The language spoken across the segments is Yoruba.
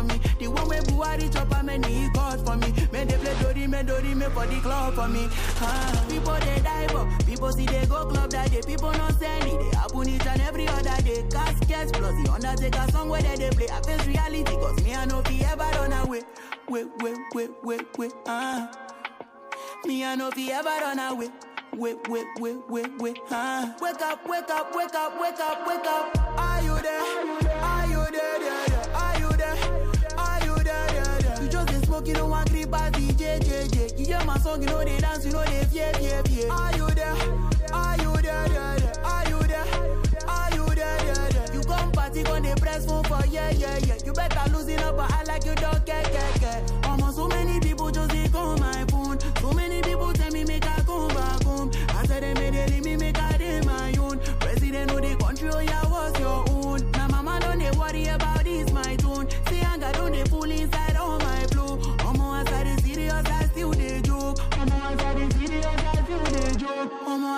for me. The one way Buhari chop many God for me. May they play Dori, may Dori, may for the club for me. Ah, people they dive up, people see they go club that day. People not send it. They happen each and every other day. Caskets plus the Undertaker song where they, play. I face reality, cause me I know if ever run away. Wait, wait, wait, wait, wait, ah. Me I know if ever run away. Wait, wait, wait, wait, wait, ah. Wake up, wake up, wake up, wake up, wake up. Are you there? Are you there? Are you there? hear my song, you know they dance, you know they fear, fear, fear. Are you there? Are you there, there, there? Are you there? Are you there, there, there? You come party, gon' they press phone for yeah, yeah, yeah. You better loosen up, but I like you don't care, care, care. Almost so many people just they call my phone. So many people tell me make I come back home. I said they made they leave me make I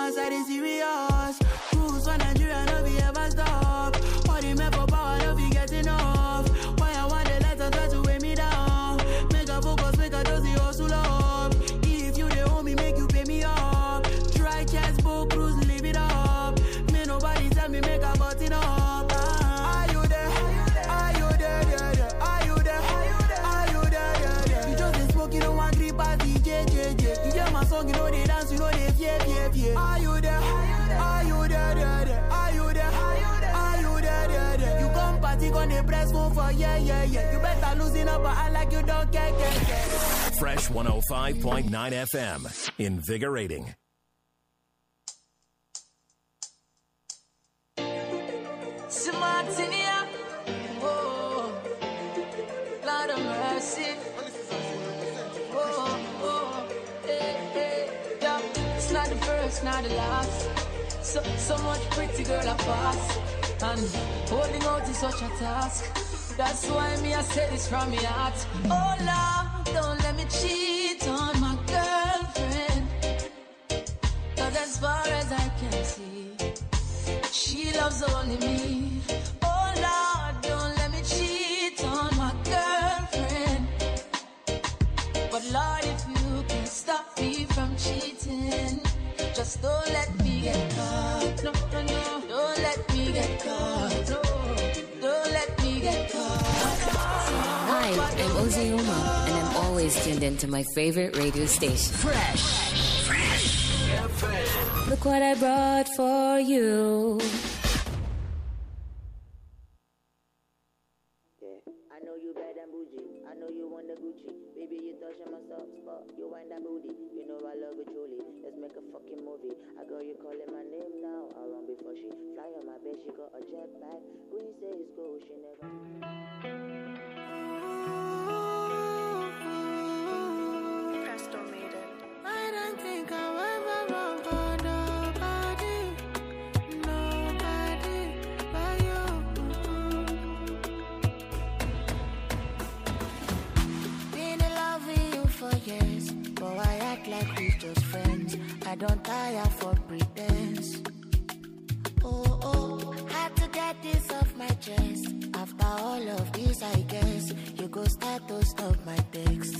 cause I didn't see real. yeah, yeah, yeah. Are you there? Are you there? there? Are you there? Are you there? there? You come party, press phone for yeah, yeah, yeah. You better losing up, but I like you don't care, care, care. Fresh 105.9 FM, invigorating. oh, Lord of mercy. It's not the last. So, so much pretty girl I pass. And holding out is such a task. That's why me, I say this from my heart. Oh, love, don't let me cheat on my girlfriend. Cause as far as I can see, she loves only me. Just don't let me get caught. No, no. Don't let me get caught. No. Don't let me get caught. Hi, I'm Ozzy Uma, and I'm always tuned into my favorite radio station. Fresh. Fresh. Fresh. Look what I brought for you. touching myself, but you wind that booty. You know I love you, truly. Let's make a fucking movie. I girl, you calling my name now. I run before she fly on my bed. She got a jetpack. Queen says go, she never. Presto made it. I don't think I'll ever run. act like we just friends. I don't tire for pretense. Oh, oh, had to get this off my chest. After all of this, I guess you go start to stop my text.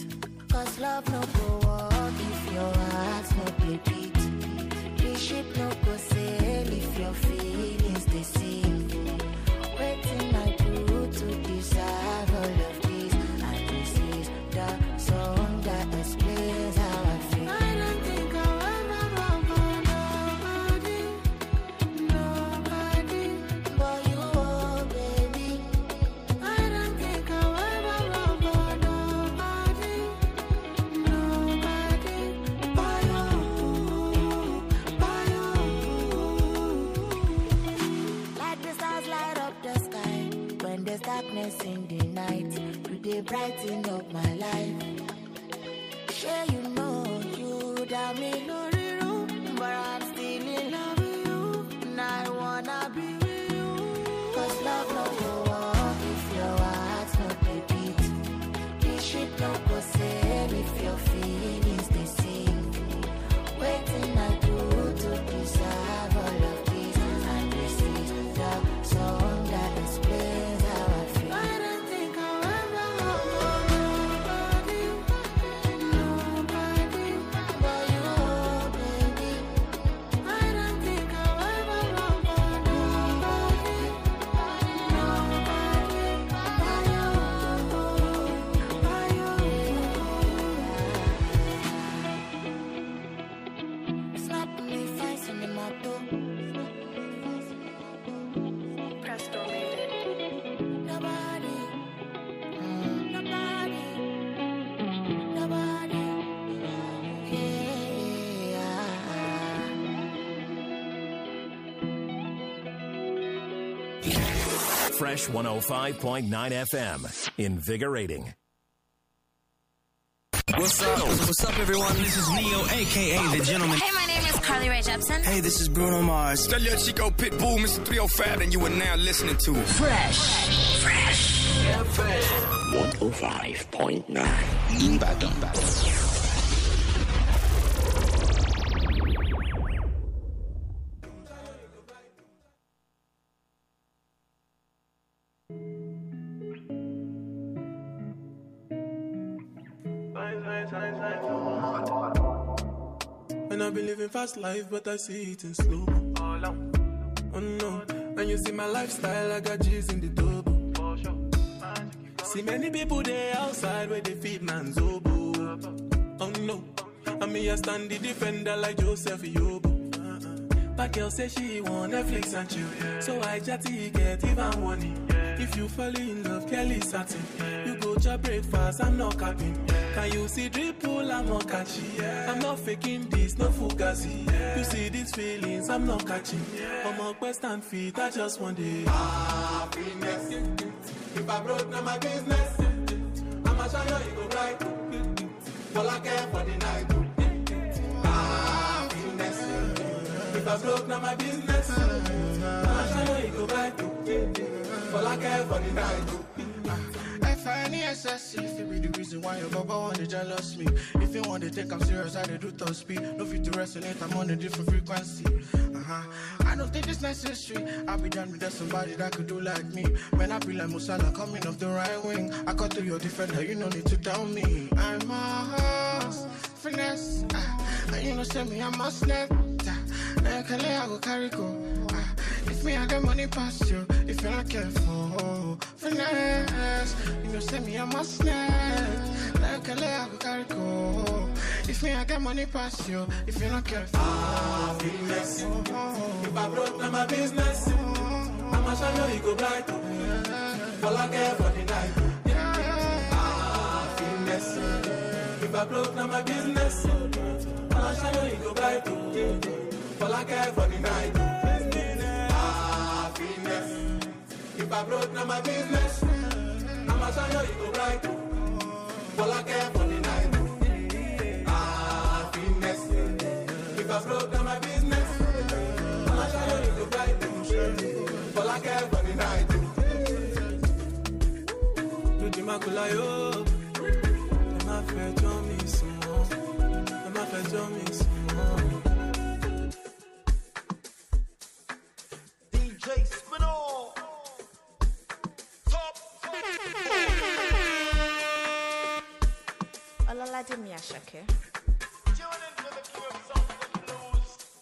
Cause love no go walk if your heart's no play beat. The ship no go sail if your feelings they sink. Waiting I do to deserve. in the night. You they brighten up my life. Yeah, you know you that me. 105.9 FM. Invigorating. What's up? What's up, everyone? This is Neo, aka The Gentleman. Hey, my name is Carly Rae Jepsen. Hey, this is Bruno Mars. Tell your Chico Pitbull, Mr. 305, and you are now listening to Fresh. Fresh. Fresh. 105.9. Ibadan. Ibadan. fast life, but I see it in slow. Oh no, and you see my lifestyle, I got G's in the double. See many people there outside where they feed man's oboe. Oh no, I me a the defender like Joseph Yobo. But girl say she want Netflix and chill, so I chatty get even money. If you fall in love, Kelly satin, you go to breakfast, I'm not capping. Can you see drip pull? I'm not catching. Yeah. I'm not faking this, no fugazi. Yeah. You see these feelings, I'm not catching. Yeah. I'm on quest and feet, I just want it. Happiness. If I broke, now my business. I'm a shine you go bright. All I care for the night. Happiness. If I broke, now my business. I'm a shine you go bright. All I care for the night find the excess If it be the reason why your baba want to jealous me If you want to take I'm serious, I do top speed No fit to resonate, I'm on a different frequency Uh-huh I don't think it's necessary I be done with that somebody that could do like me When I be like Musala coming off the right wing I cut through your defender, you no need to tell me I'm a horse, finesse uh, You know send me, I'm a snap uh, Now you can lay, I go carry go uh, If me, I get money past you If you're not careful finesse. You know, send me a must net. Like a leg, gotta go. If me, I get money past you, if you don't care. Ah, finesse. Oh, oh, oh. If I broke, down my business. I'ma show you, you go bright. Fall again for the night. Ah, finesse. If I broke, down my business. I'ma show you, you go bright. Fall again for the night. I broke now my business. i am Now my shine your ego bright. Well, I care for the night. Ah, finesse. If I broke now my business. i am Now my shine your ego bright. Well, I care for the night. Do the maculayo. Ẹ má fẹjọ́ mi sùn mọ́. Ẹ má fẹjọ́ mi sùn mọ́. Daddy Miyashake.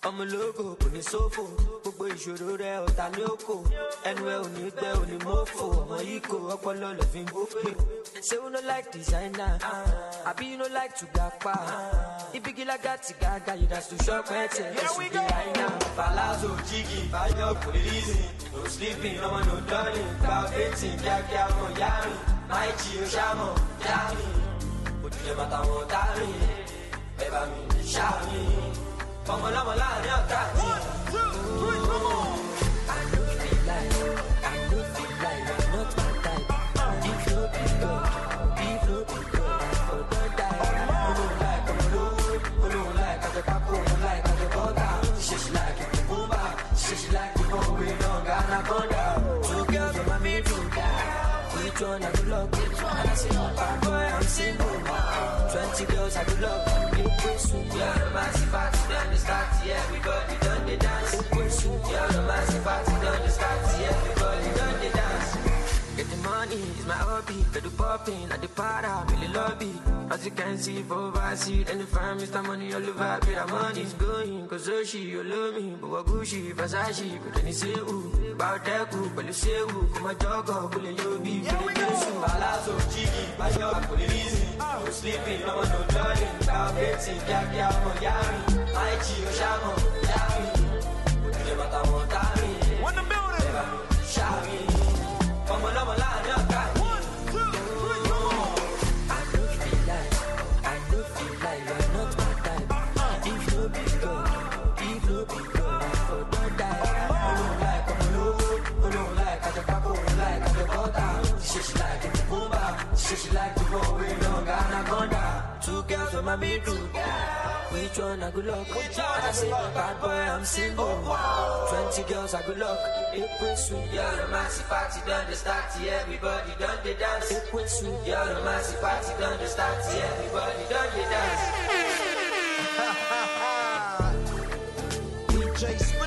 ọmọ ológo kò ní sófò gbogbo ìṣòro rẹ ọ̀tá ní òkò ẹnu ẹ ò ní gbẹ ò ní mọ́fò ọmọ yìí kò ọpọlọ lọ fi ń gbófin. say you no like designer abi you no like to gba pa ibigilaga ti gaga you gats to shop ẹtẹ ẹsùn bí àìná. palazzo jigi bayo kò lè reason no sleeping no ọmọ no dulling cloud eighteen yeah, yeah, yeah, mi My oṣàmọ̀ yá mi podia matar um otário Vem pra mim, deixar mim lá, vamos lá, né, otário I am not my I for not die I don't like, I don't like I don't like, I don't like, I'm single I the done the start, yeah, everybody done the dance. party, done the start, yeah, everybody done the dance. Get the money, it's my hobby. They do popping, I do para, really love it. As you can see, for I see and if I Mr. money, all the vibe, that money's going. Cause oh, she, you love me, but what Gucci, Versace, but then you say, ooh, bow that group, but you say, ooh, come my dog up, pull your beef, but you do so. Palazzo, Jiggy, my dog, pull it easy. I'm sleeping, no one, no yeah, yeah, yeah, yeah, yeah, yeah, yeah, yeah, yeah, yeah, yeah, yeah, yeah, yeah, my middle. Which one I good luck? I say, bad boy, I'm single. Oh, Twenty girls, I good luck. sweet, you Yeah, the massive party done the start. Everybody done the dance. sweet, you Yeah, the massive party done the start. Everybody done the dance. DJ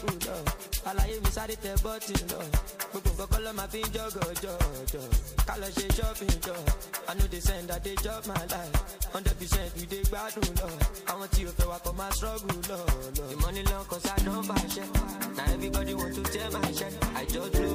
ṣọ́ọ̀bù lọ aláyé mi sáré tẹ bọ́ọ̀tì lọ gbogbo nǹkan kọ́ ló máa fi ń jọ̀gọ̀ jọ̀jọ̀ ká lọ ṣe shopping jọ i know the send i dey chop my life hundred percent we dey gbádùn lọ àwọn tí o fẹ́ wà kọ́ máa struggle lọ lọ. ìmọ̀nilọ́kọ̀sá nọ́mbà ṣẹ́ na everybody want to tell my ṣẹ́ i just blow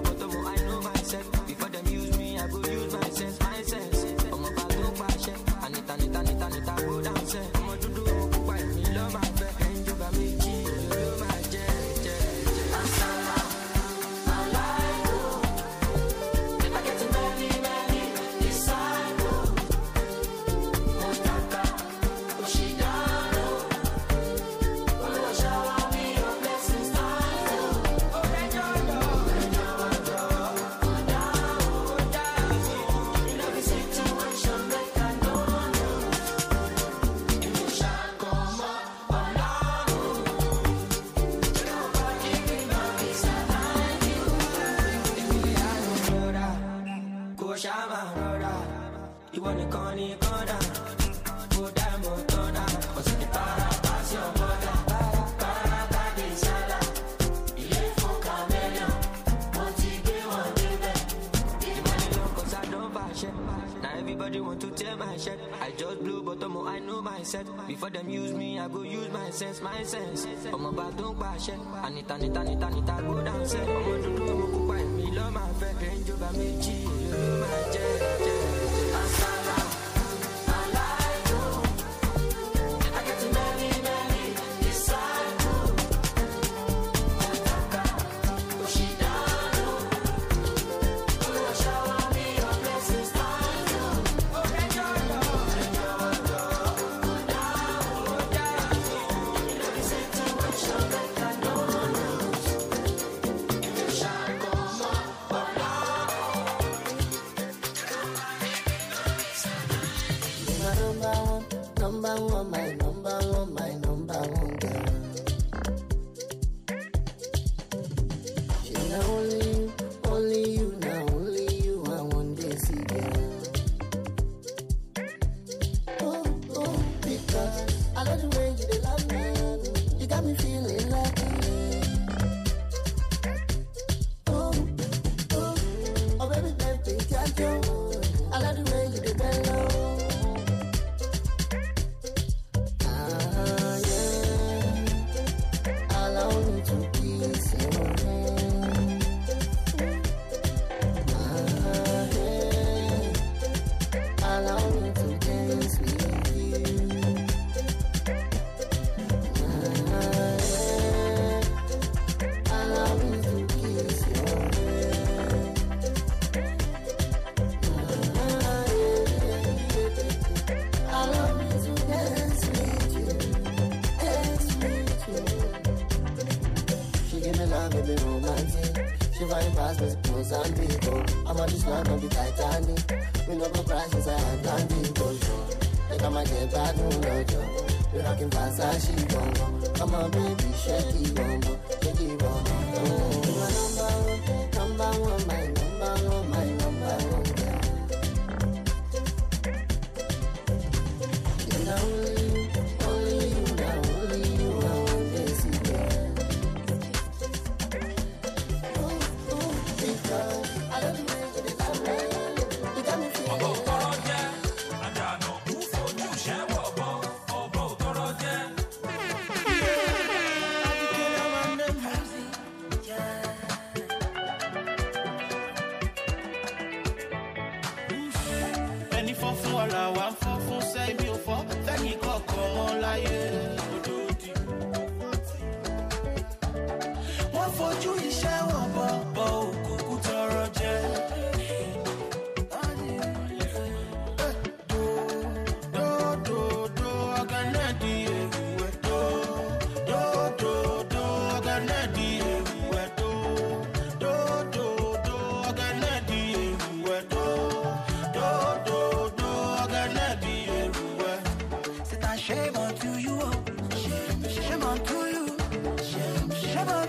Before them use me, I go use my sense, my sense. Ọmọ bá tó ń pa àṣẹ, ànìta níta níta níta kó dáńsẹ̀. Ọmọ dúdú mo kópa ẹ̀mí lọ́ máa fẹ́, Range Rover méjì ló máa jẹ́ jẹ́.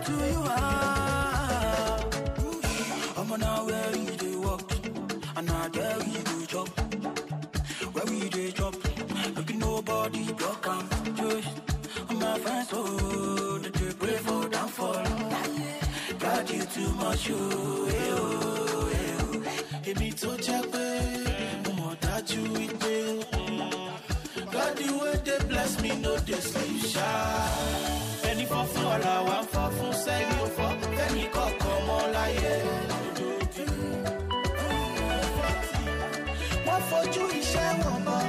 who you are. I'm on way we do walk, and I dare we do chop. Where we do chop, looking nobody block I'm my friends, oh, that they pray for downfall. Got you too much, oh, eh, oh, me, oh. Èmi tó jẹ́ pé mo you with me. God, you way they bless me, no, this sleep shy. Any for floor, I fún sẹ́yìn ló fọ́ fẹ́mi kọ̀ọ̀kan mọ́ láyé lójoojú. wọ́n fojú iṣẹ́ wọn bọ́.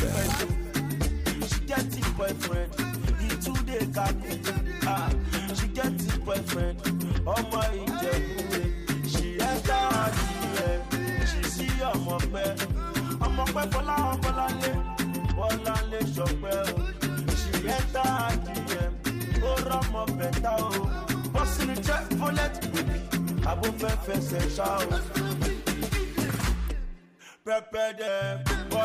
girlfriend. She get his boyfriend. He too dey happy. Ah, she get his boyfriend. Ọmọ ìjẹ̀bú She enter her She see ọmọ pẹ́. Ọmọ pẹ́ Bọ́lá Bọ́láńlé. Bọ́láńlé Ṣọpẹ́ o. She enter her DM. Ó rọ́mọ bẹ̀tà o. Bọ́sìnì jẹ́ Volet Bèbí. Àbúfẹ́fẹ́ ṣẹ̀ṣá o. Pẹ́pẹ́ dẹ̀.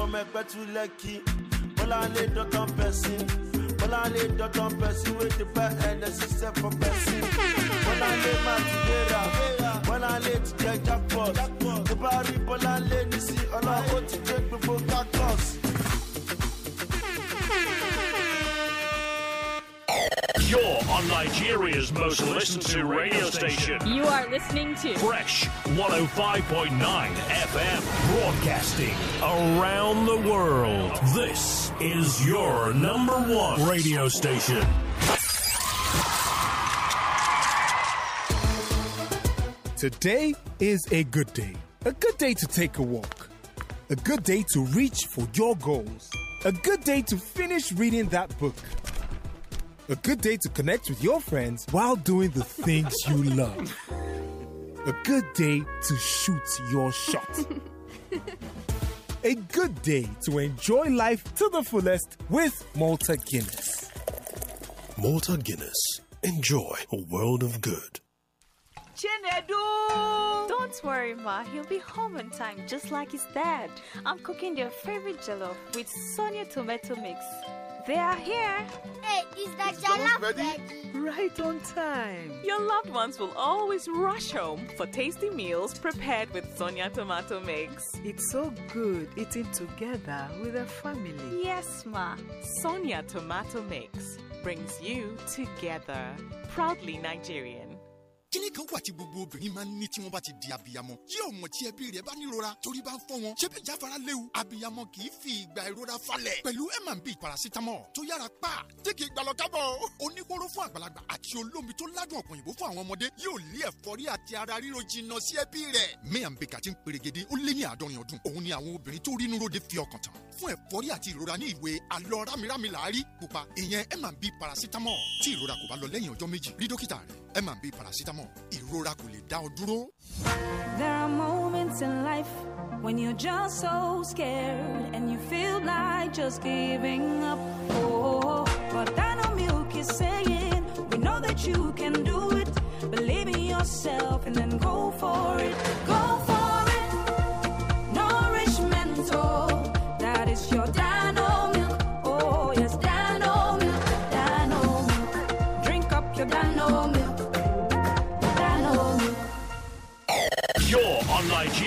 me petu lucky. Bola I need on person. Bola I need on person with the pet and the sister for person. Bola le matugera. i le ti jẹ jackpot. Tó need to see all I want to ti before gbogbo cactus. You're on Nigeria's most listened to radio station. You are listening to Fresh 105.9 FM, broadcasting around the world. This is your number one radio station. Today is a good day. A good day to take a walk. A good day to reach for your goals. A good day to finish reading that book. A good day to connect with your friends while doing the things you love. A good day to shoot your shot. A good day to enjoy life to the fullest with Malta Guinness. Malta Guinness. Enjoy a world of good. Chinedu! Don't worry, Ma. He'll be home on time, just like his dad. I'm cooking their favorite jello with Sonia tomato mix. They are here. Hey, is that is your love ready? Right on time. Your loved ones will always rush home for tasty meals prepared with Sonia tomato mix. It's so good eating together with a family. Yes, ma. Sonia tomato mix brings you together. Proudly Nigerian. kíní kan wà tí gbogbo obìnrin máa ń ní tí wọ́n bá ti di abiyamọ yóò mọ̀ tí ẹbí rẹ̀ bá nírora torí bá ń fọ́ wọn ṣé bí jáfara léwu abiyamọ kì í fi ìgbà ìrora falẹ̀ pẹ̀lú M&B paracetamol tó yára pa tí kì í gbalọ̀ kábọ̀ oníkóró fún àgbàlagbà àti olómi tó ládùn ọ̀pọ̀ òyìnbó fún àwọn ọmọdé yóò lé ẹ̀fọ́rí àti ara ríro jìnnà sí ẹbí rẹ̀ M&B kàti ń perégedé ó lé ní àádọ́rin ọdún òun ni àwọn obìnrin tó rí inú ròde fi ọkàn tán fún ẹ̀fọ́rí àti ìrora ní ìwé alọ rámirámi làárí pupa ìyẹn M&B paracetamol tí ìrora kò bá lọ lẹ́yìn ọjọ́ méjì rí dókítà rẹ̀ M&B paracetamol mọ̀ ìrora kò lè dá ọ dúró. There are moments in life when you're just so scared and you feel like just giving up. Oh, but Dino Milk is saying, We know that you can do it. Believe in yourself and then go for it.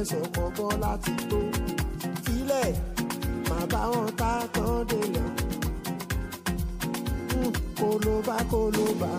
fẹsẹ̀ kọ́kọ́ láti tó filẹ̀ màá bá wọn ta tán dènà hmm, kólóbá kólóbá.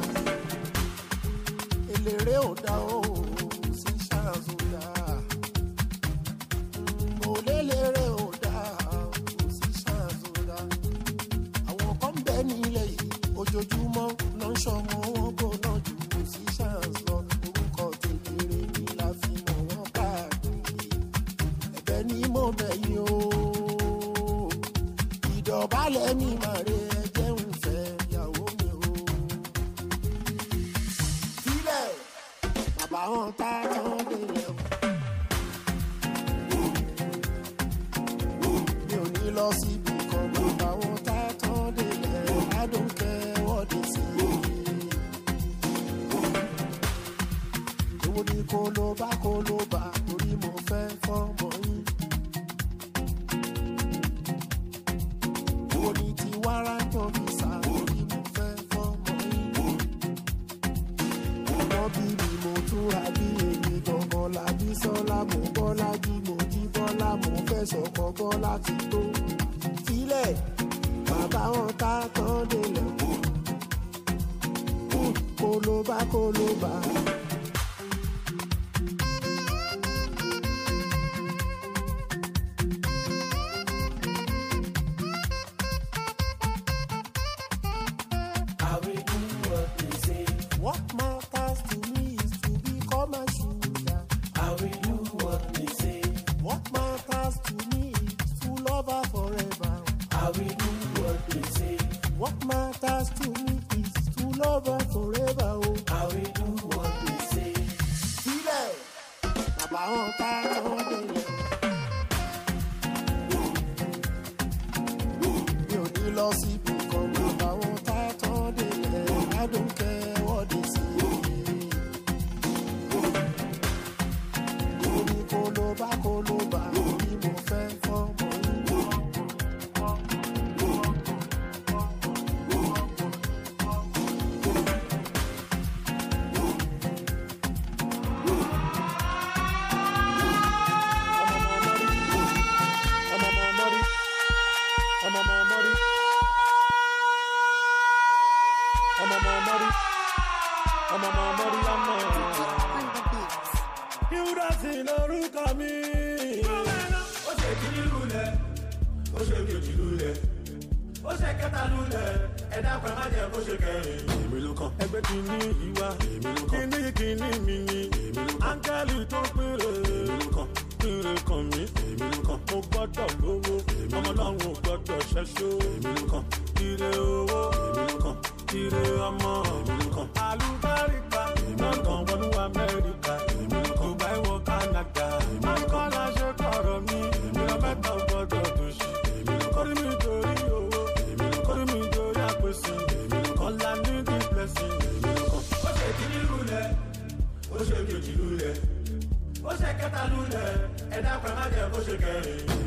ọmọ èmi nìkan. àlùbáríkà èmi nìkan wọnú amẹ́ríkà èmi nìkan. dubai wọ canada èmi nìkan. akọ́lá ṣe kọ̀rọ̀ mi èmi nìkan. mẹ́ta gbọ́dọ̀ tó èmi nìkan. kórè mi torí owó èmi nìkan. kórè mi torí àpèsè èmi nìkan. kọ́lá ní di blessing èmi nìkan. ó ṣe kíní lulẹ̀ ó ṣe kejì lulẹ̀ ó ṣe kẹta lulẹ̀ ẹ̀dá pẹ̀ má jẹ́ ṣe kẹrin.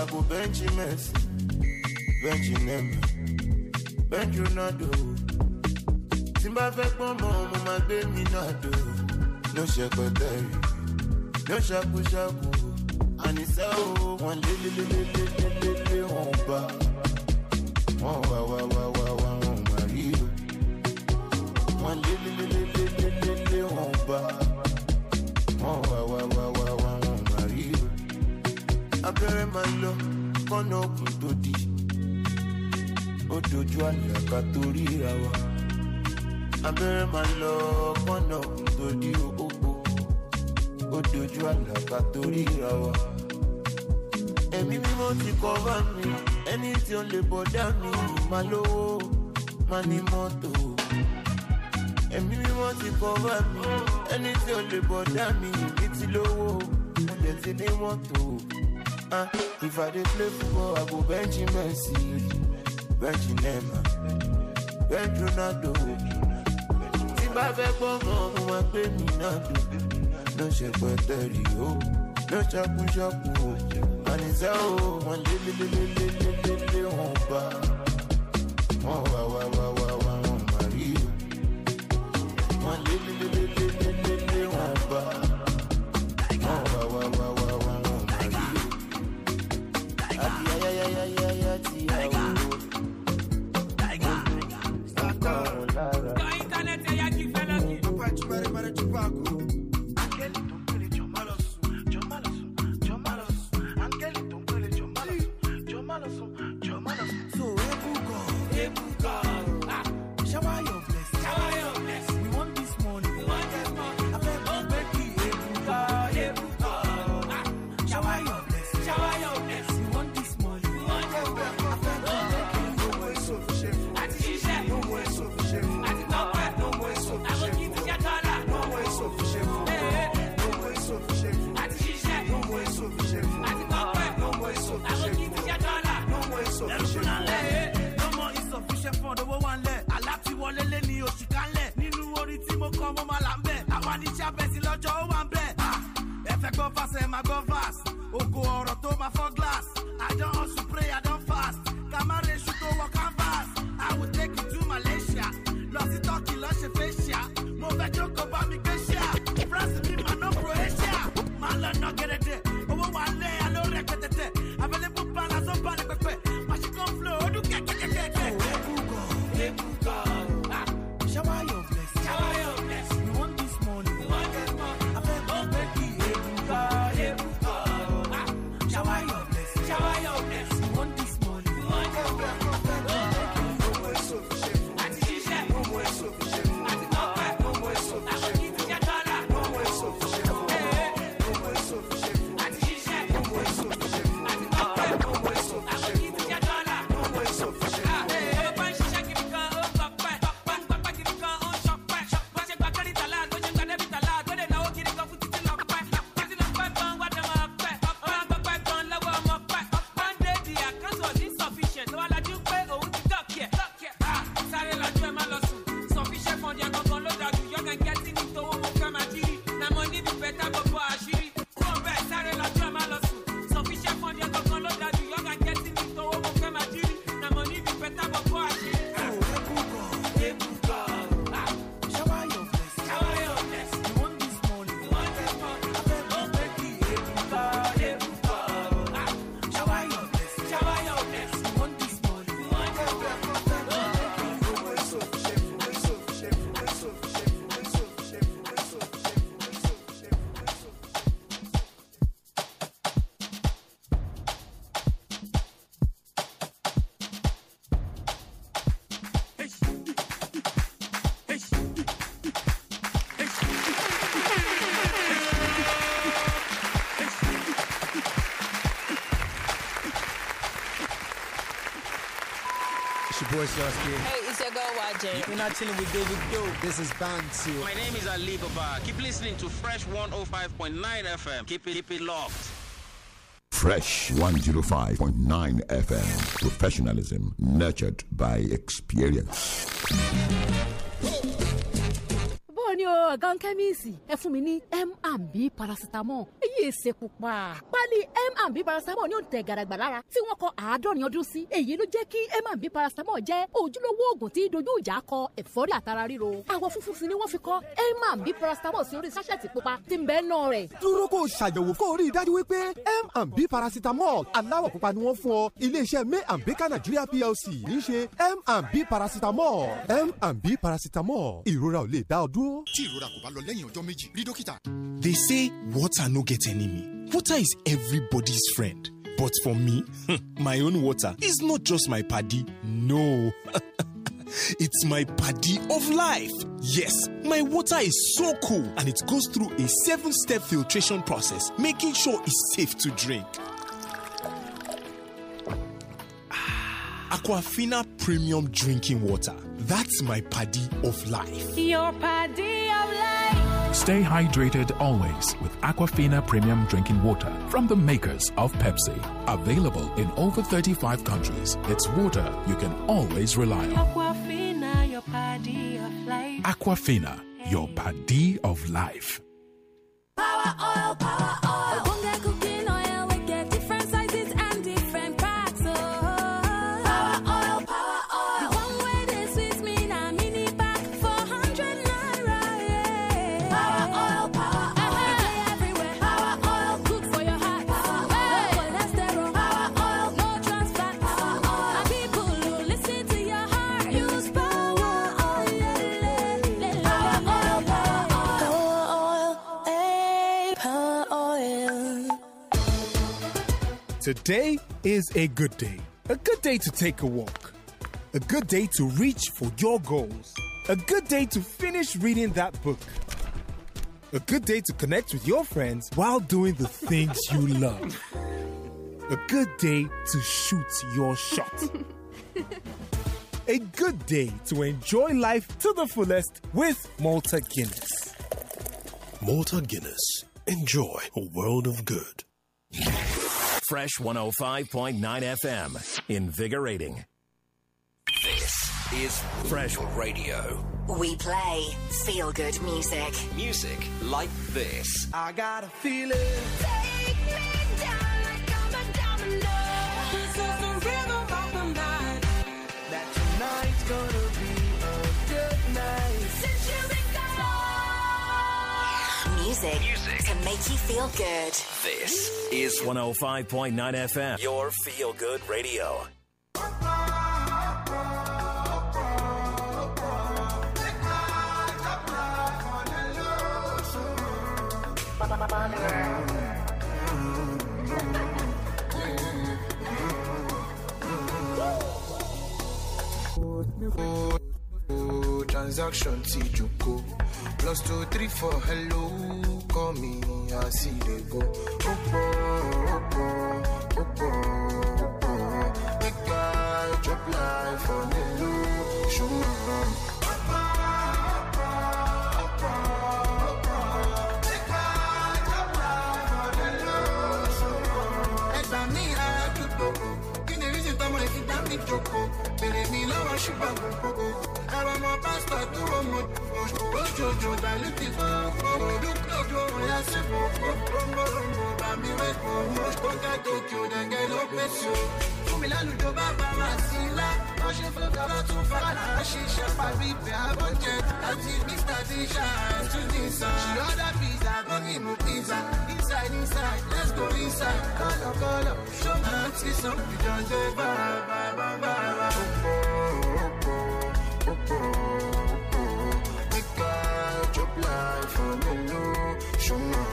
I go bench Messi, bench Neymar, bench Ronaldo. Tí n bá fẹ́ pọ́n mọ́, mo máa gbé mi náà dò. Ló ṣe pẹ̀tẹ́rì, ló ṣàkóṣàkó. Àníṣe o, wọ́n lé lé lé lé lé lé lé wọ́n bá. Wọ́n wá wá wá wá. abẹ́rẹ́ máa lọ pọ́nà nítorí òkú ó dojú àlàkà torí ìra ẹ̀mí mímọ́ ti kọ́ bá mi ẹni tí ó lè bọ̀ dá mi máa lówó máa ní mọ́tò. ẹ̀mí mímọ́ ti kọ́ bá mi ẹni tí ó lè bọ̀ dá mi ní ti lówó mo jẹ́ ti ní mọ́tò. Ah, if I dey play football, I go bench Messi, bench Neymar, bench Ronaldo. bá fẹ́ pọ̀ gan mo máa gbé mi náà dùn náà ṣe pẹ̀tẹ́rì o náà ṣàkúṣàkú o àníṣe o wọn wọn bá a. course, Rusty. Hey, it's your girl, YJ. You're not chilling with David Doe. This is Bantu. My name is Ali Baba. Keep listening to Fresh 105.9 FM. Keep it, keep it locked. Fresh 105.9 FM. Professionalism nurtured by experience. ni o ọ̀gá kẹ́míìsì ẹ fún mi ní m&b paracetamol èyí èsè pupa. pálí m&b paracetamol ní òǹtẹ̀ gàràgbà lára àádọ́rin ọdún sí èyí ló jẹ́ kí m&b paracetamol jẹ́ ojúlówó oògùn tí dojú ìjà kọ ẹ̀fọ́rí àtara ríro àwọ̀ funfun sì ni wọ́n fi kọ m&b paracetamol sí orí sáṣẹ̀tì pupa tí ń bẹ́ẹ̀ náà rẹ̀. dúró kó o ṣàyẹ̀wò kó o rí i dájú wípé m&b paracetamol aláwọ̀ pupa ni wọ́n fún ọ iléeṣẹ́ m&b ká nàìjíríà plc ní í ṣe m&b paracetamol m&b paracetamol ìrora ò lè dá ọ dúró. tí ìrora kò bá lọ lẹ́yìn ọjọ́ méjì rí dókítà. they say water no get enemy water is everybody's friend. But for me, my own water is not just my paddy, no. It's my paddy of life. Yes, my water is so cool and it goes through a seven step filtration process, making sure it's safe to drink. Ah, Aquafina Premium Drinking Water. That's my paddy of life. Your paddy of life. Stay hydrated always with Aquafina Premium Drinking Water from the makers of Pepsi. Available in over 35 countries, it's water you can always rely on. Aquafina, your paddy of life. Aquafina, your paddy of life. Power oil, power oil. Today is a good day. A good day to take a walk. A good day to reach for your goals. A good day to finish reading that book. A good day to connect with your friends while doing the things you love. A good day to shoot your shot. a good day to enjoy life to the fullest with Malta Guinness. Malta Guinness. Enjoy a world of good. Fresh 105.9 FM. Invigorating. This is Fresh Radio. We play feel good music. Music like this. I got a feeling. Take me down like I'm a domino. This is the rhythm of the night. That tonight's gonna be a good night. Since you've been gone. Music make you feel good. This is 105.9 FM, your feel good radio. Mother. transaction ti joko plus two three four hello call me I see they go. Opo opo opo opo make my drop line for me lo. Sure. coco Bere mi la wa shiba gun pogo mo pasta tu o mo O jojo da li ti fo du ko jo ya si fo Rombo rombo ba mi we ko O ka Tokyo de ke lo peso Fumi la lu jo baba ma si la O se fo da la tu fa la Shisha pa bi pe a bonje Ati Mr. Tisha to this She order pizza, go give me pizza Inside, inside visa Kolo kolo Shumati so Bijoje ba ba ba ba ba Opo opo opo opo Make I drop life for me no Shumati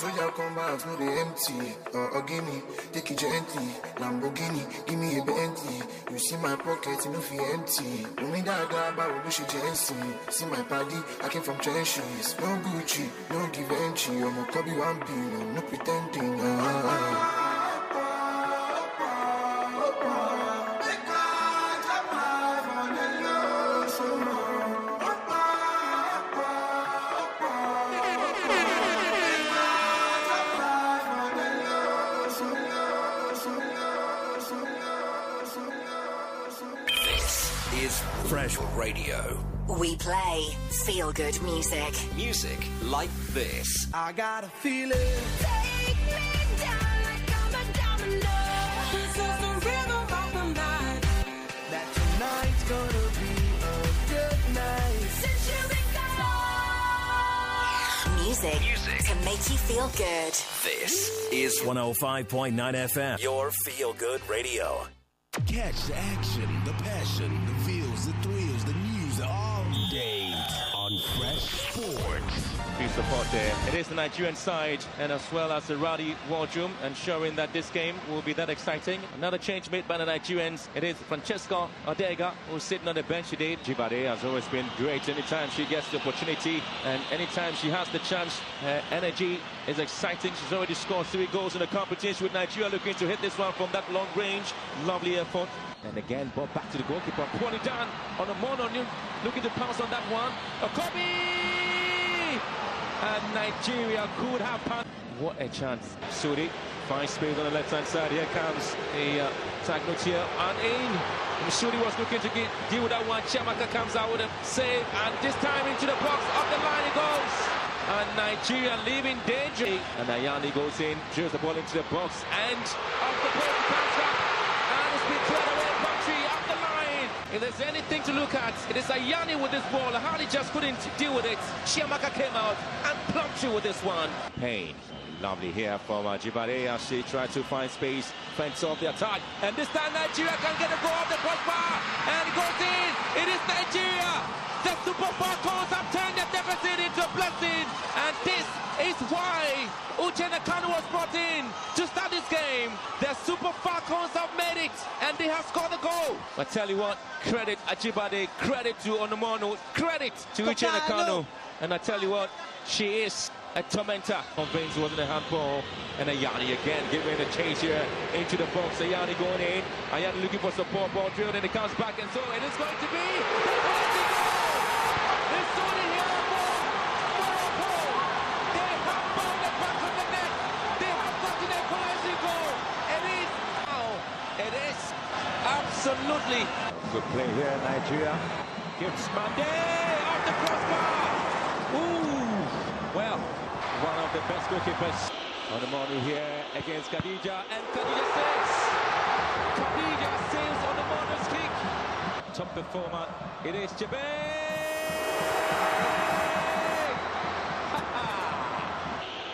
so y'all come back, no the empty. Uh, uh, give me, take it gently. Lamborghini, give me a Bentley. You see my pocket, no feel empty. Umi we ba obushi jensi. See my party, I came from trenches. No Gucci, no Givenchy. I'm a Kobe one pin, no pretending. Uh, uh, uh. good music. Music like this. I got a feeling. Take me down like I'm a domino. This is the rhythm of the night. That tonight's gonna be a good night. Since you've been gone. Music, music to make you feel good. This is 105.9 FM, your feel good radio. Catch the action, the passion, the Fresh Sports. Good support there. It is the Nigerian side and as well as the Radi Wardrum ensuring that this game will be that exciting. Another change made by the Nigerians. It is Francesco Odega who's sitting on the bench today. Jibade has always been great anytime she gets the opportunity and anytime she has the chance. Her energy is exciting. She's already scored three goals in the competition with Nigeria looking to hit this one from that long range. Lovely effort and again, ball back to the goalkeeper. Poorly done on a mono. Looking to pounce on that one. A copy. And Nigeria could have passed. What a chance. Suri finds speed on the left-hand side. Here comes a uh, Tagnotia and in. Suri was looking to get, deal with that one. Chiamaka comes out with a save. And this time into the box. Up the line it goes and Nigeria leaving danger. And Ayani goes in, drills the ball into the box, and off the post. If there's anything to look at, it is Ayani with this ball. Harley just couldn't deal with it. Chiamaka came out and plumped you with this one. Pain, lovely here from uh, Jibare as she tried to find space, fence off the attack. And this time Nigeria can get a goal off the crossbar. And it goes in. It is Nigeria. The Super Falcons have turned their deficit into a blessing. Uchenekano was brought in to start this game. The Super Falcons have made it, and they have scored a goal. I tell you what, credit Ajibade, credit to Onomono, credit to Uchenekano. And I tell you what, she is a tormentor. Convince wasn't a handball. And Ayani again giving a change here into the box. Ayani going in. Ayani looking for support ball drilled and it comes back and so it is going to be. absolutely. Good play here in Nigeria. Gives Mande off the crossbar. Ooh, well, one of the best goalkeepers. On the morning here against Khadija, and Khadija saves. Khadija saves on the morning's kick. Top performer, it is Jabe.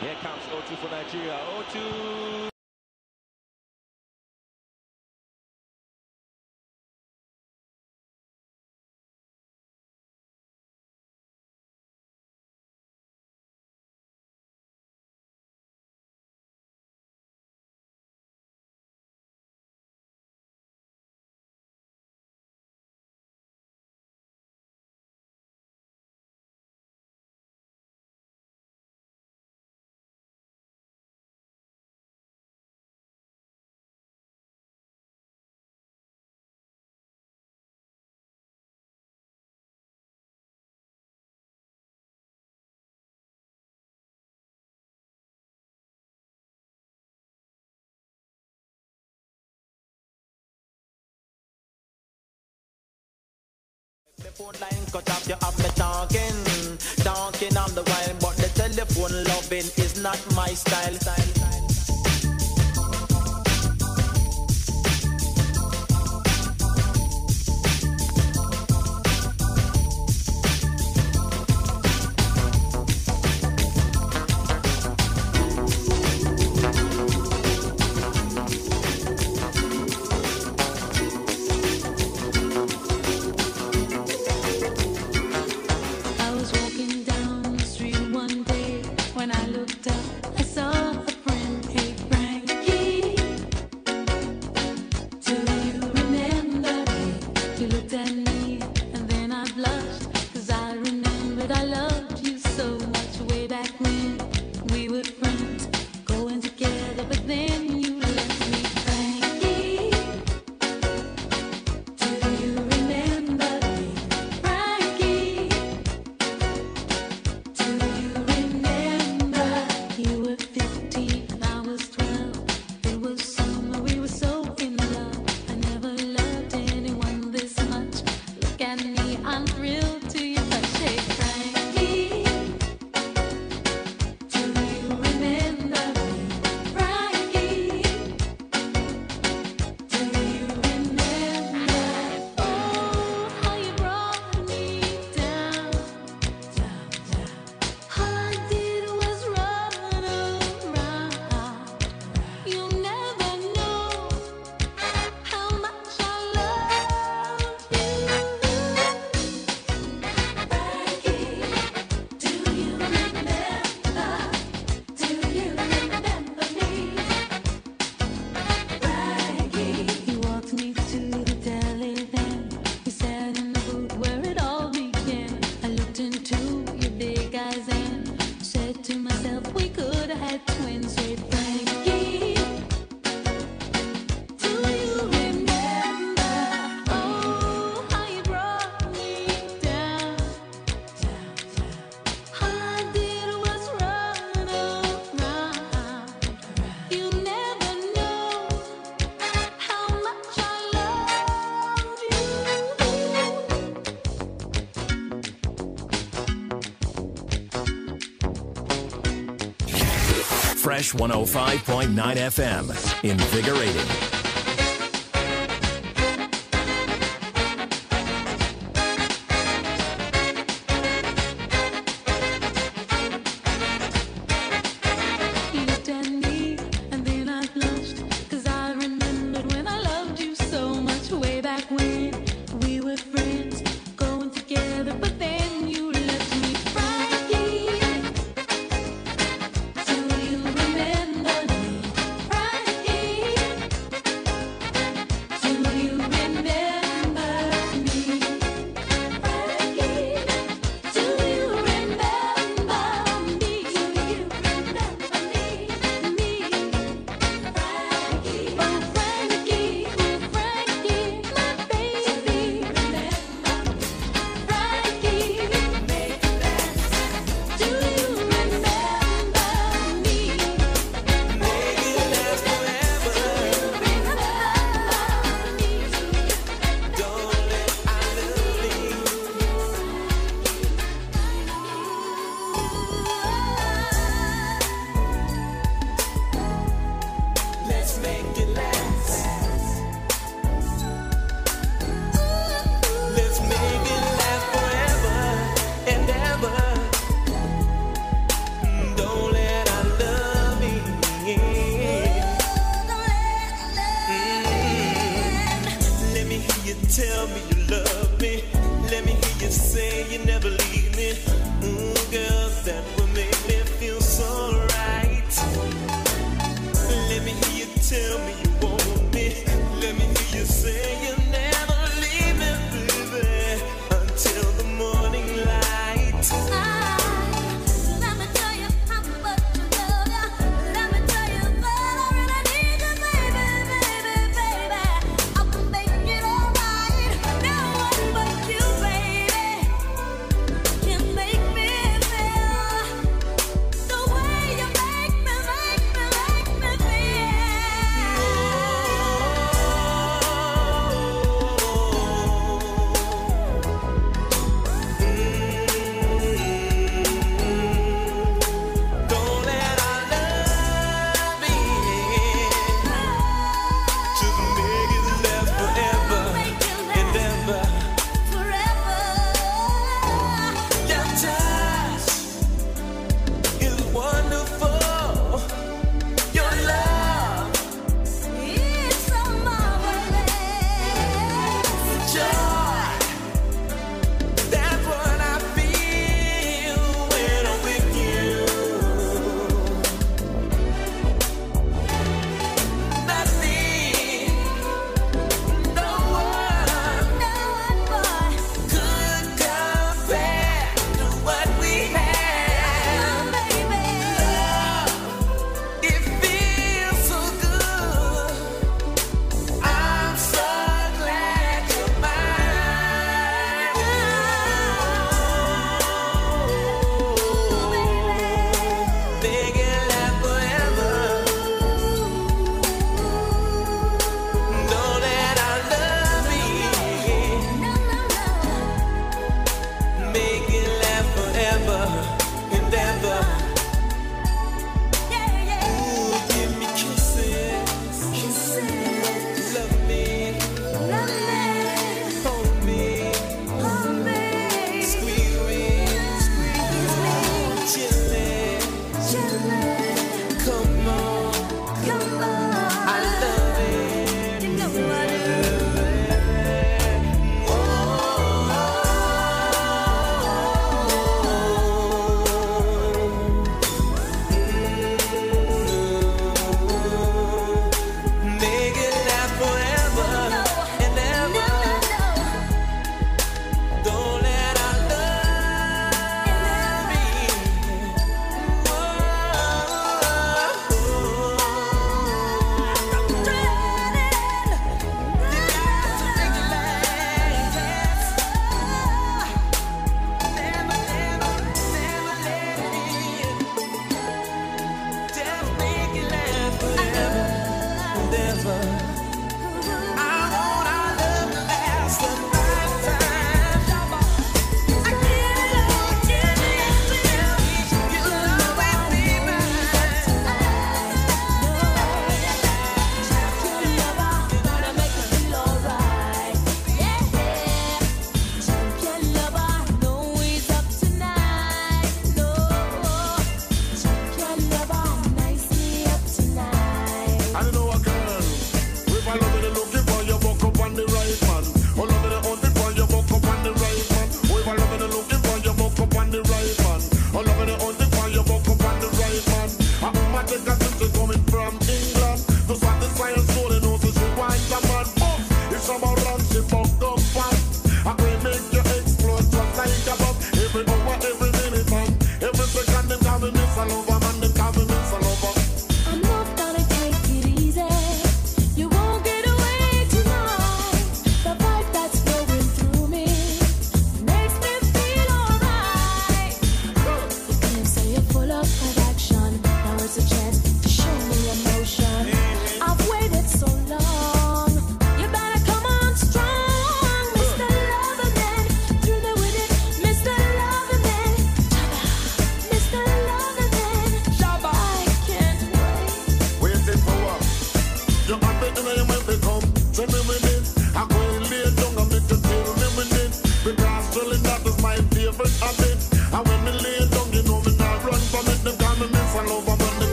Here comes 0-2 for Nigeria. 0-2. telephone line cut off, you have me talking. Talking on the wild, but the telephone loving is not my style. style. 105.9 FM. Invigorating.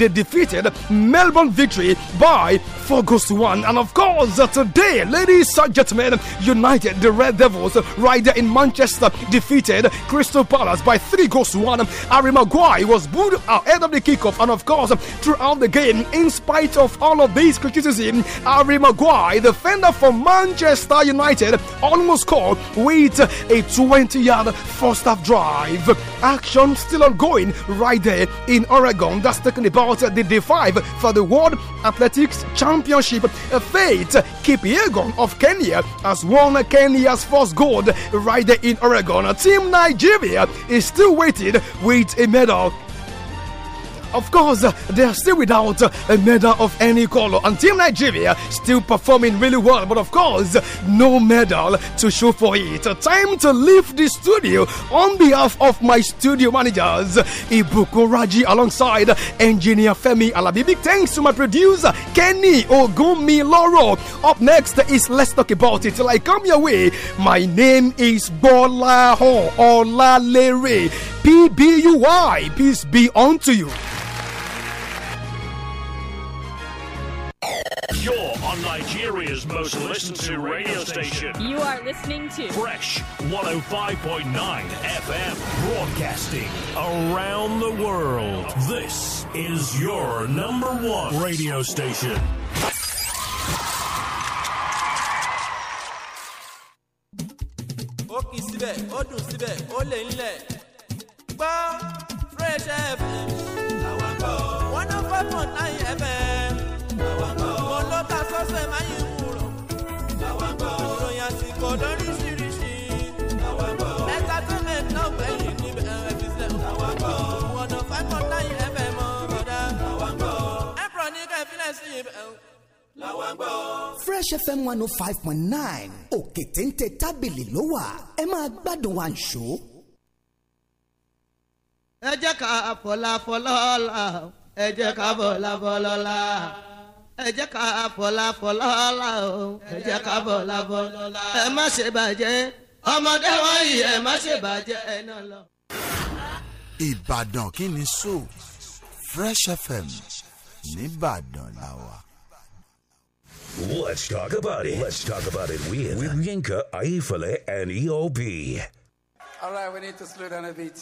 they defeated Melbourne Victory by 4 goals to 1. And of course, today, ladies and gentlemen, United, the Red Devils, right there in Manchester, defeated Crystal Palace by 3 goals to 1. Harry Maguire was booed ahead of the kickoff. And of course, throughout the game, in spite of all of these criticism, Harry Maguire, defender for Manchester United, almost scored with a 20 yard first half drive action still ongoing right there in Oregon. That's talking about the day five for the World Athletics Championship. Fate Kipyegon of Kenya has won Kenya's first gold right there in Oregon. Team Nigeria is still waiting with a medal of course, they are still without a medal of any color. And Team Nigeria still performing really well, but of course, no medal to show for it. Time to leave the studio on behalf of my studio managers, Ibuku Raji, alongside engineer Femi Alabi. Big thanks to my producer, Kenny Ogumi Loro. Up next is Let's Talk About It. Till I come your way, my name is Bola Ho Olalere. PBUI. Peace be unto you. You're on Nigeria's most listened to radio station. You are listening to Fresh 105.9 FM, broadcasting around the world. This is your number one radio station. fresh fm. one oh five point nine fm. ta sọ́sẹ̀ máa yìí mú ìròyìn àsìkò lóríṣiríṣi. mẹ́ta tó mẹ́ náà gbẹ̀yìn níbẹ̀ ẹ̀fíṣẹ́. ọ̀nà fáìpọ̀ láyé ẹ̀fẹ̀ mọ́ bọ̀dá. ẹ̀pọ̀ ní ká ìfilẹ̀ sí ibẹ̀ fresh fm one oh five point nine òkè téńté tábìlì ló wà ẹ máa gbádùn àǹṣó. ẹ jẹ́ ká fọláfọlọ́lá ẹ jẹ́ ká fọláfọlọ́lá ẹ jẹ́ ká fọlá fọlá ọ̀la o ẹ jẹ́ ká fọlá fọlá ọ̀la ẹ má ṣe bàjẹ́ ọmọdé wọ̀nyí ẹ má ṣe bàjẹ́ ẹ náà lọ. Ìbàdàn kí ni so Fresh FM nìbàdàn làwà. Let's talk about it. Let's talk about it with, with Yinka, Aifale, and EOB. All right, we need to slow down a bit.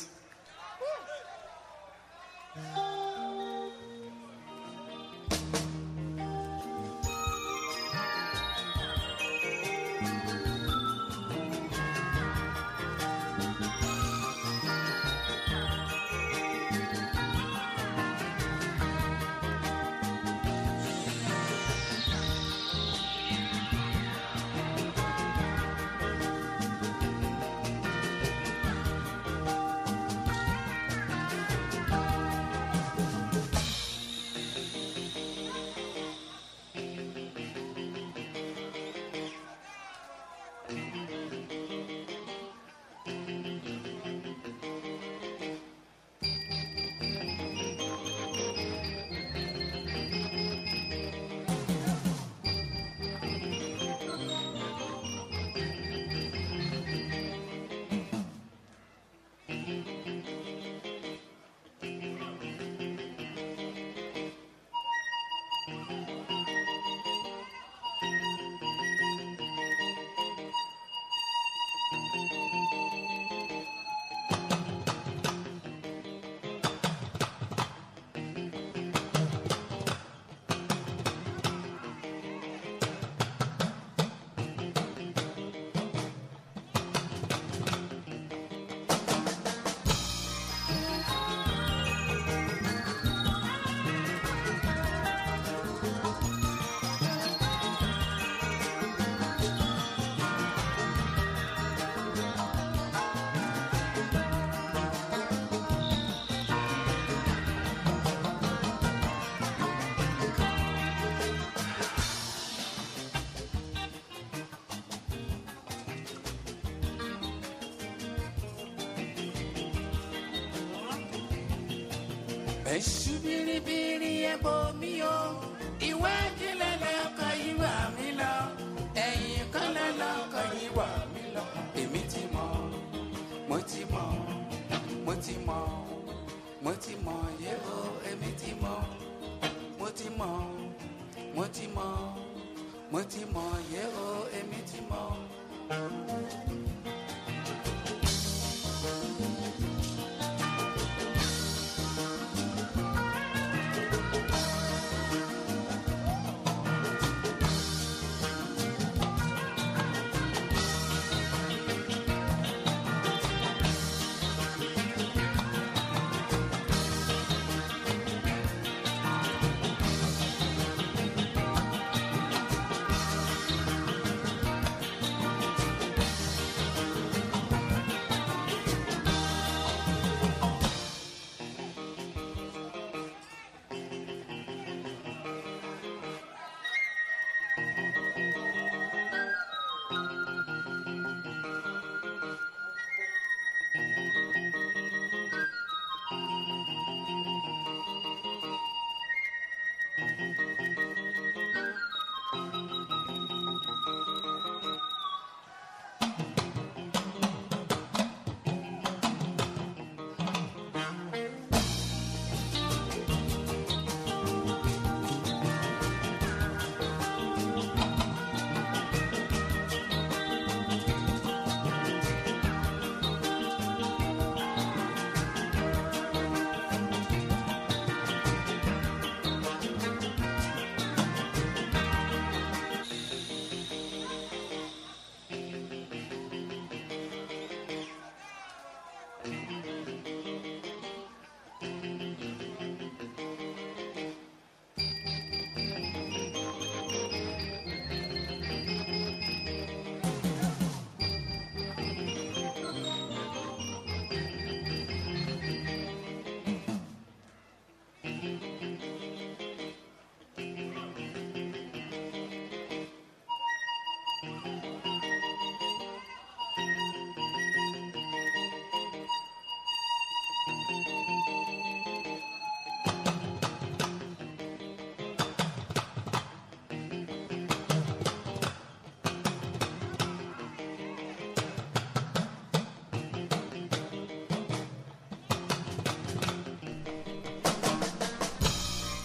bass.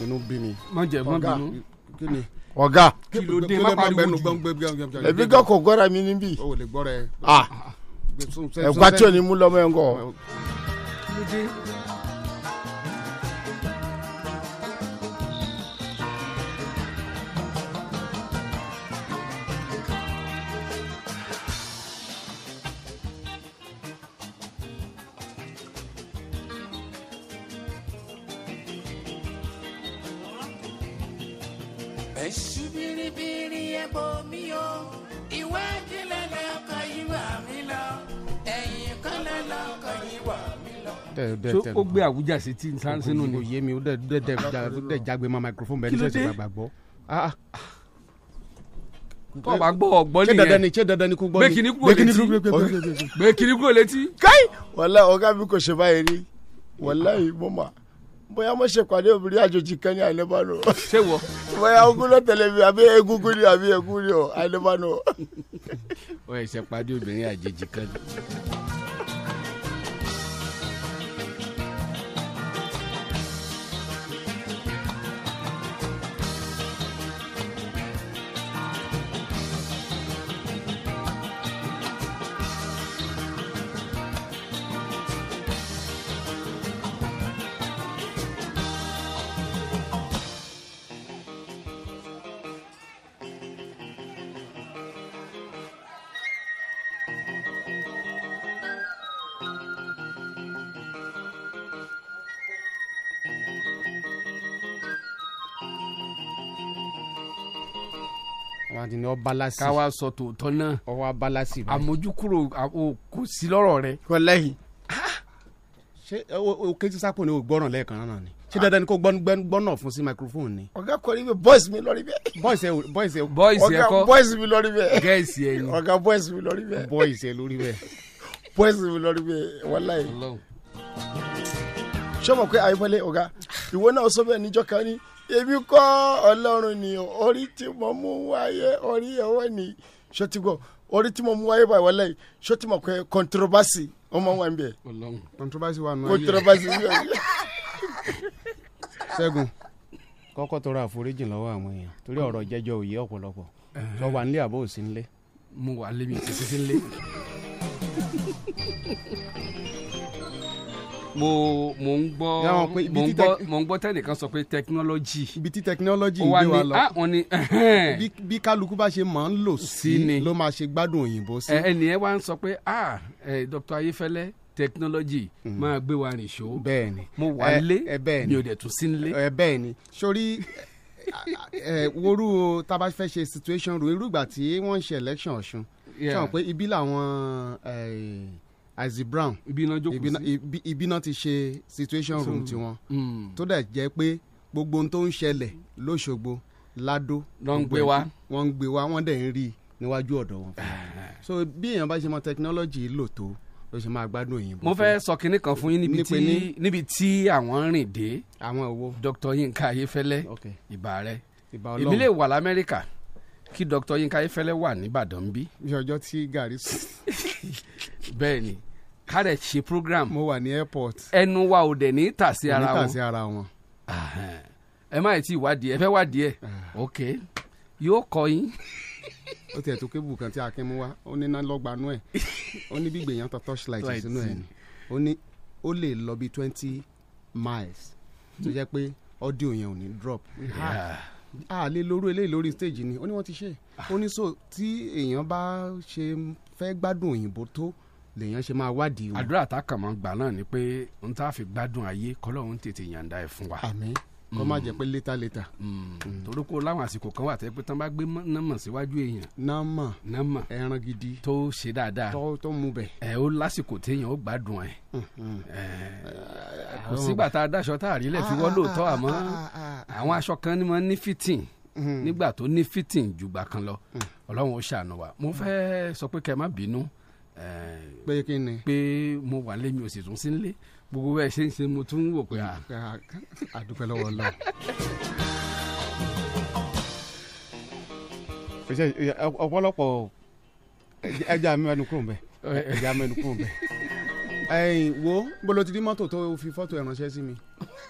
inú bí mi. má jẹ má bínú. kí ni. ọ̀gá. kí ló dé má pariwo jù. ẹbí kan kò gbọ́dọ̀ mi níbí. o lè gbọ́dọ̀ ẹ. Ah. ẹ̀gbá ò ní mú lọ́mọ ẹ̀ ń kọ́. kí ló dé. Èṣù biribiri ẹ bò mí o ìwé ìjìnlẹ̀ lọ́kọ̀ yìí wà mí lọ ẹ̀yìn kọ́lẹ̀ lọ́kọ̀ yìí wà mí lọ. so ó gbé àwùjá sí tí n sá sínú ni. òye mi ó dẹ dẹ dẹ dẹ jágbe ma microphone bẹ́ẹ̀ ní sẹsẹ gbàgbà gbọ́. kọ́ bá gbọ́ ọ̀gbọ́n nìyẹn ṣé dandan ni ṣé dandan ni kò gbọ́ ni bẹ́ẹ̀ kì ní kúrò létí. bẹ́ẹ̀ kì ní kúrò létí. káì wàlá ọ̀gá mi kò ṣe báyìí rí wàlá yìí mọ́ máa bóyá mo ṣèpàdé obìnrin àjòjì kan ní I never know. ṣé wọ. bóyá ogun náà tẹ̀lé mi àbí egungun ni àbí egun ni o I never know. ṣèpàdé obìnrin àjòjì kan ọ balasi. káwa sọ tòótọ́ náà. ọwọ́ abalasi báyìí. àmójúkúrò kò sí lọ́rọ̀ rẹ. wọlẹ́yì. ṣé o kejì sápò ni o gbọ́ràn lẹ́ẹ̀kan náà ni. ṣé dandan ni kò gbọ́nà fún sí microphone ni. ọ̀gá kọ́ níbi boys mi lórí bẹ́ẹ̀. boys ẹ boys ẹ. boys ẹ kọ́ ọ̀gá boys mi lórí bẹ́ẹ̀. gẹ́ẹ̀sì ẹ ni. ọ̀gá boys mi lórí bẹ́ẹ̀. boys ẹ lórí bẹ́ẹ̀. boys mi lórí bẹ́ẹ̀ wọláyì. ṣé o mọ̀ pé àyẹ̀fọ́lẹ́ ọ̀gá ìwọ náà sọ bẹ́ẹ̀ níjọ́ kan ní èmi kọ ni orí tí mo mú wáyé orí ni ṣọtígbọ́ orí tí mo mú wáyé báyìí wọlé ṣọtígbọ́ pé kọ́ńtírọ́básì ọmọ wa ń bẹ. kọ́ńtírọ́básì wà nù ayé kọ́ńtírọ́básì kọ́kọ́ tọrọ àforíjì lọ́wọ́ àwọn èèyàn torí ọ̀rọ̀ jẹ́jọ́ òye ọ̀pọ̀lọpọ̀ sọ wà nílé òsínlé. mo wà mo mo ń gbọ́ mo ń gbọ́ mo ń gbọ́ tẹnìkan sọ pé technology. ibi tí technology ń gbé wa lọ ah wọn ni. bí kálukú bá ṣe máa ń lò sí ni ló máa ṣe gbádùn òyìnbó sí. ẹnìyẹn wá ń sọ pé ah Dr. Ayéfẹ́lẹ́ technology mm. máa gbé wa nìṣó. bẹ́ẹ̀ni mo wà lé mi ò dẹ̀ tún sí nílé. bẹ́ẹ̀ni sórí woru taba fẹ́ ṣe situation ru irú ìgbà tí wọ́n ń ṣe election Ọ̀ṣun. sọ pé ibi làwọn isaac brown ibi ti ṣe situation room tiwọn hmm. tó dẹ̀ jẹ́ pé gbogbo ohun tó ń ṣẹlẹ̀ lóṣogbo lado wọ́n ń gbé wa wọ́n dẹ̀ ń rí níwájú ọ̀dọ̀ wọn. Ah. so bí èèyàn bá ṣe mọ technology lò tó ló ṣe máa gbádùn òyìnbó. mo fẹ́ sọ kinní kan fún yín níbi tí àwọn ń rìn dé àwọn òwò dr yinka ayefẹlẹ ìbà rẹ èmi lè wà lamẹ́ríkà kí dr yinka ayefẹlẹ wà níbàdàn bí. bí ọjọ́ tí gàrí sùn. bẹ́ẹ̀ ni kárẹ̀ ṣe program. mo wà ní airport. ẹnu wa ò dẹ̀ ní tà sí ara wọn. ní tà sí ara wọn. ẹ má tí ì wádìí ẹ fẹ́ wádìí ẹ ah. ok yóò kọ yín. ó tiẹ̀ tó kébù kan tí akin mú wa ó ní iná ẹ̀ ó ní gbígbé yẹn tó torchlight sínú ẹ̀ ni ó ní ó lè lọ bí twenty miles tó jẹ́ pé audio yẹn ò ní drop. Ah. Yeah. a lè lóru eléyìí lórí stage ni ó ní wọ́n ti ṣe ó ní so tí èèyàn bá ṣe fẹ́ gbádùn òyìnbó tó lèèyàn ṣe máa wádìí o. àdúrà tákàn máa gbà náà ni pé n tá fi gbádùn ayé kọlọ́run tètè yàǹda ẹ̀ fún wa. àmín kọ́ máa jẹ́ pé létà létà. Hmm. Hmm. torí kó láwọn àsìkò kan wà tẹ́ pé tán bá gbé nọ́mọ̀ síwájú èèyàn. nọ́mọ̀ nọ́mọ̀ ẹran gidi. tó ṣe dáadáa tó tó mu bẹ̀. ẹ ó lásìkò téèyàn ó gbádùn hmm. ẹ. kò sígbà tá a dáṣọ tá a rí lẹ̀ fi wọ́ lóòótọ́ àmọ́ ah, ah, ah, àwọn aṣọ kan ni mo ní fìtìn nígbà tó ní fìtìn jùgbà kan lọ ọlọ́run ó ṣàánú wa mo fẹ́ sọ pé kẹ́ má bínú. Eh, pé kí ni. pé mo wà lé mi ò sì tún sí nílé gbogbo bẹ́ẹ̀ ṣe ń ṣe mo tún wò pé. àdúpẹ́ ah, lọ́wọ́ lọ. ọ̀pọ̀lọpọ̀ ẹja mẹ́nu kúrò mbẹ́ ẹja mẹ́nu kúrò mbẹ́ ẹ̀yìn wo bolo ti di mọ́tò tó fi fọ́tò ẹ̀ sí mi.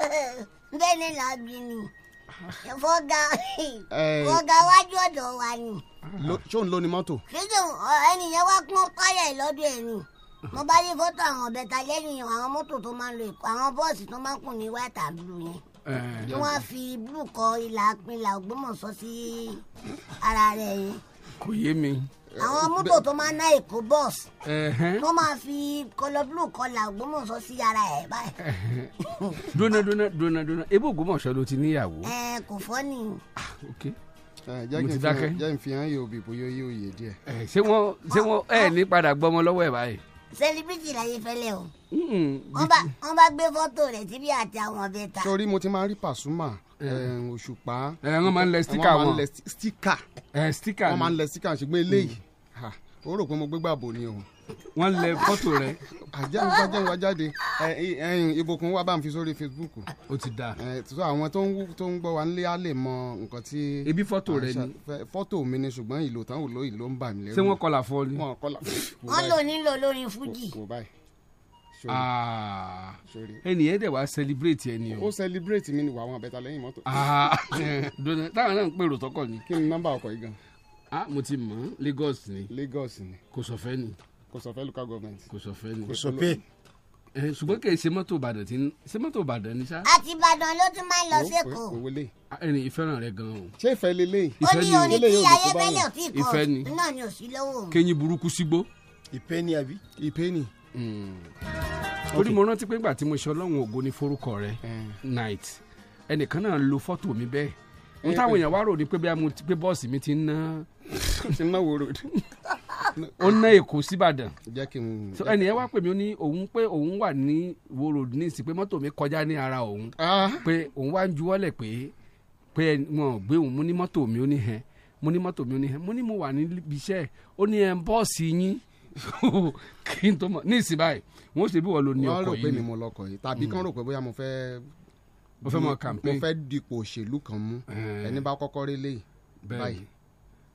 bẹ́ẹ̀ ni làá bí ni. fọ́gà fọ́gà wájú ọ̀dọ̀ wa ni. ṣóun ló ni mọ́tò. kíkì ẹnìyẹn wá kún táyà ìlọ́dún ẹ̀ ni mo bá rí fọ́tò àwọn bẹ̀tà lẹ́yìn àwọn mọ́tò tó máa ń lo èkó àwọn bọ́ọ̀sì tó máa ń kùn ní white and blue yẹn ni wọ́n fi blue kọ ìlà ìlà Ògbómọ̀ṣọ́ sí ara rẹ̀ yẹn. kò yé mi àwọn eh, mọ́tò tó máa ń ná èkó bọ́ọ̀sì tó máa fi kọlọ blu kọlà Ògbómọ̀ṣọ́ sí ara ẹ̀ báyìí. dúnà dúnà dúnà dúnà ebí Ògbómọ̀ṣọ́ ló ti níyàwó. ẹ eh, kò fọ́ ni. Ah, eh, mo ti dákẹ́. jẹ́ ìfihàn yóò bìbò yóò yí òye díẹ̀. ṣé wọ́n ṣé wọ́n ẹ̀ ah, ah. ní padà gbọ́mọ lọ́wọ́ ẹ̀ báyìí sẹlifíìtì láyé fẹlẹ o. wọ́n bá gbé fọ́tò rẹ̀ síbi àti àwọn ọbẹ̀ ta. sori mo ti máa rí Pasuma Eh. òṣùpá. Eh, wọ́n máa ń lẹ stika wọn. Eh, wọ́n máa ń lẹ stika. stika ni wọ́n máa ń lẹ stika ṣùgbọ́n eléyìí hmm. ó rò pé mo gbégbá bò ni o. wọ́n lẹ fọ́tò rẹ. àjẹun wájẹun wájáde ìbùkún wa bá ń fi sórí facebook. ó ti da. tó àwọn tó ń gbọ́ wa nílé á lè mọ nǹkan tí. ebi fọ́tò rẹ ni. fọ́tò mi ni ṣùgbọ́n ìlò tán ò ló ìlò ń bà mí lẹ́rù. ṣé wọ́n kọlà fọ́ ni. wọ́n kọlà. lò nílò lórin fújì. Ah. ẹnìyẹn dẹ̀ wá celebrate ẹni o. ó celebrate mi ni wà àwọn àbẹ̀tà lẹ́yìn mọ́tò. Ah, dona táwọn náà ń pèrò tọkọ ni. kí ni nọ́mbà ọkọ̀ yìí gan. a ah, mo ti mọ̀ Lagos ni. Lagos ni. kò sọ̀fẹ́ ni. kò sọ̀fẹ́ local government. kò sọ̀fẹ́ ni. kò sọ̀pẹ́ ṣùgbọ́n kì í ṣe mọ́tò ìbàdàn tí ṣe mọ́tò ìbàdàn ni ṣá. àti ìbàdàn ló tún máa ń lọ sẹ́kọ̀ọ́. òwò lè. ẹni ìfẹ́ràn rẹ gan o. ṣé ìfẹ́ lélẹ̀. ó ní orin tí ayébẹ́lẹ̀ ò tí ì kọ́ náà ni ò sí lọ́wọ́. kẹ́yìn burúkú sígbó. ìpè ni àbí. ìpè ni torí mo rántí pé nígbà tí mo ṣe ọlọ́run ògo ní forúkọ rẹ night ẹnìkan náà lo fọ́tò mi bẹ́ẹ̀ n táwọn èèyàn wá rò ní pé bí mo ti pé bọ́ọ̀sì mi ti ń ná ti ná wòrò ó ná èkó síbàdàn ẹnìyẹn wá pè mí ó ní òun pé òun wà ní wòrò ní ìsìn pé mọ́tò mi kọjá ní ara òun ah. pé òun wá ń juwọ́lẹ̀ pé pé wọn ò gbé òun mú ní mọ́tò mi ó ní hẹn mo ní mọ́tò mi ó ní hẹn mo ní mo wà níbi iṣẹ́ ó ní ẹ̀ ń bọ́ọ̀sì yín kí n tó mọ̀ ní ìsìn báyìí wọ́n ṣe bí wọ́n lo ní ọkọ̀ yìí. wọ́n rò pé mi mo lọkọ̀ yìí tàbí kán rò pé bóyá mo fẹ́ mo fẹ́ mọ campaign mo fẹ́ dipò òṣèlú kan mú ẹni bá kọ́kọ́ rí lé báyìí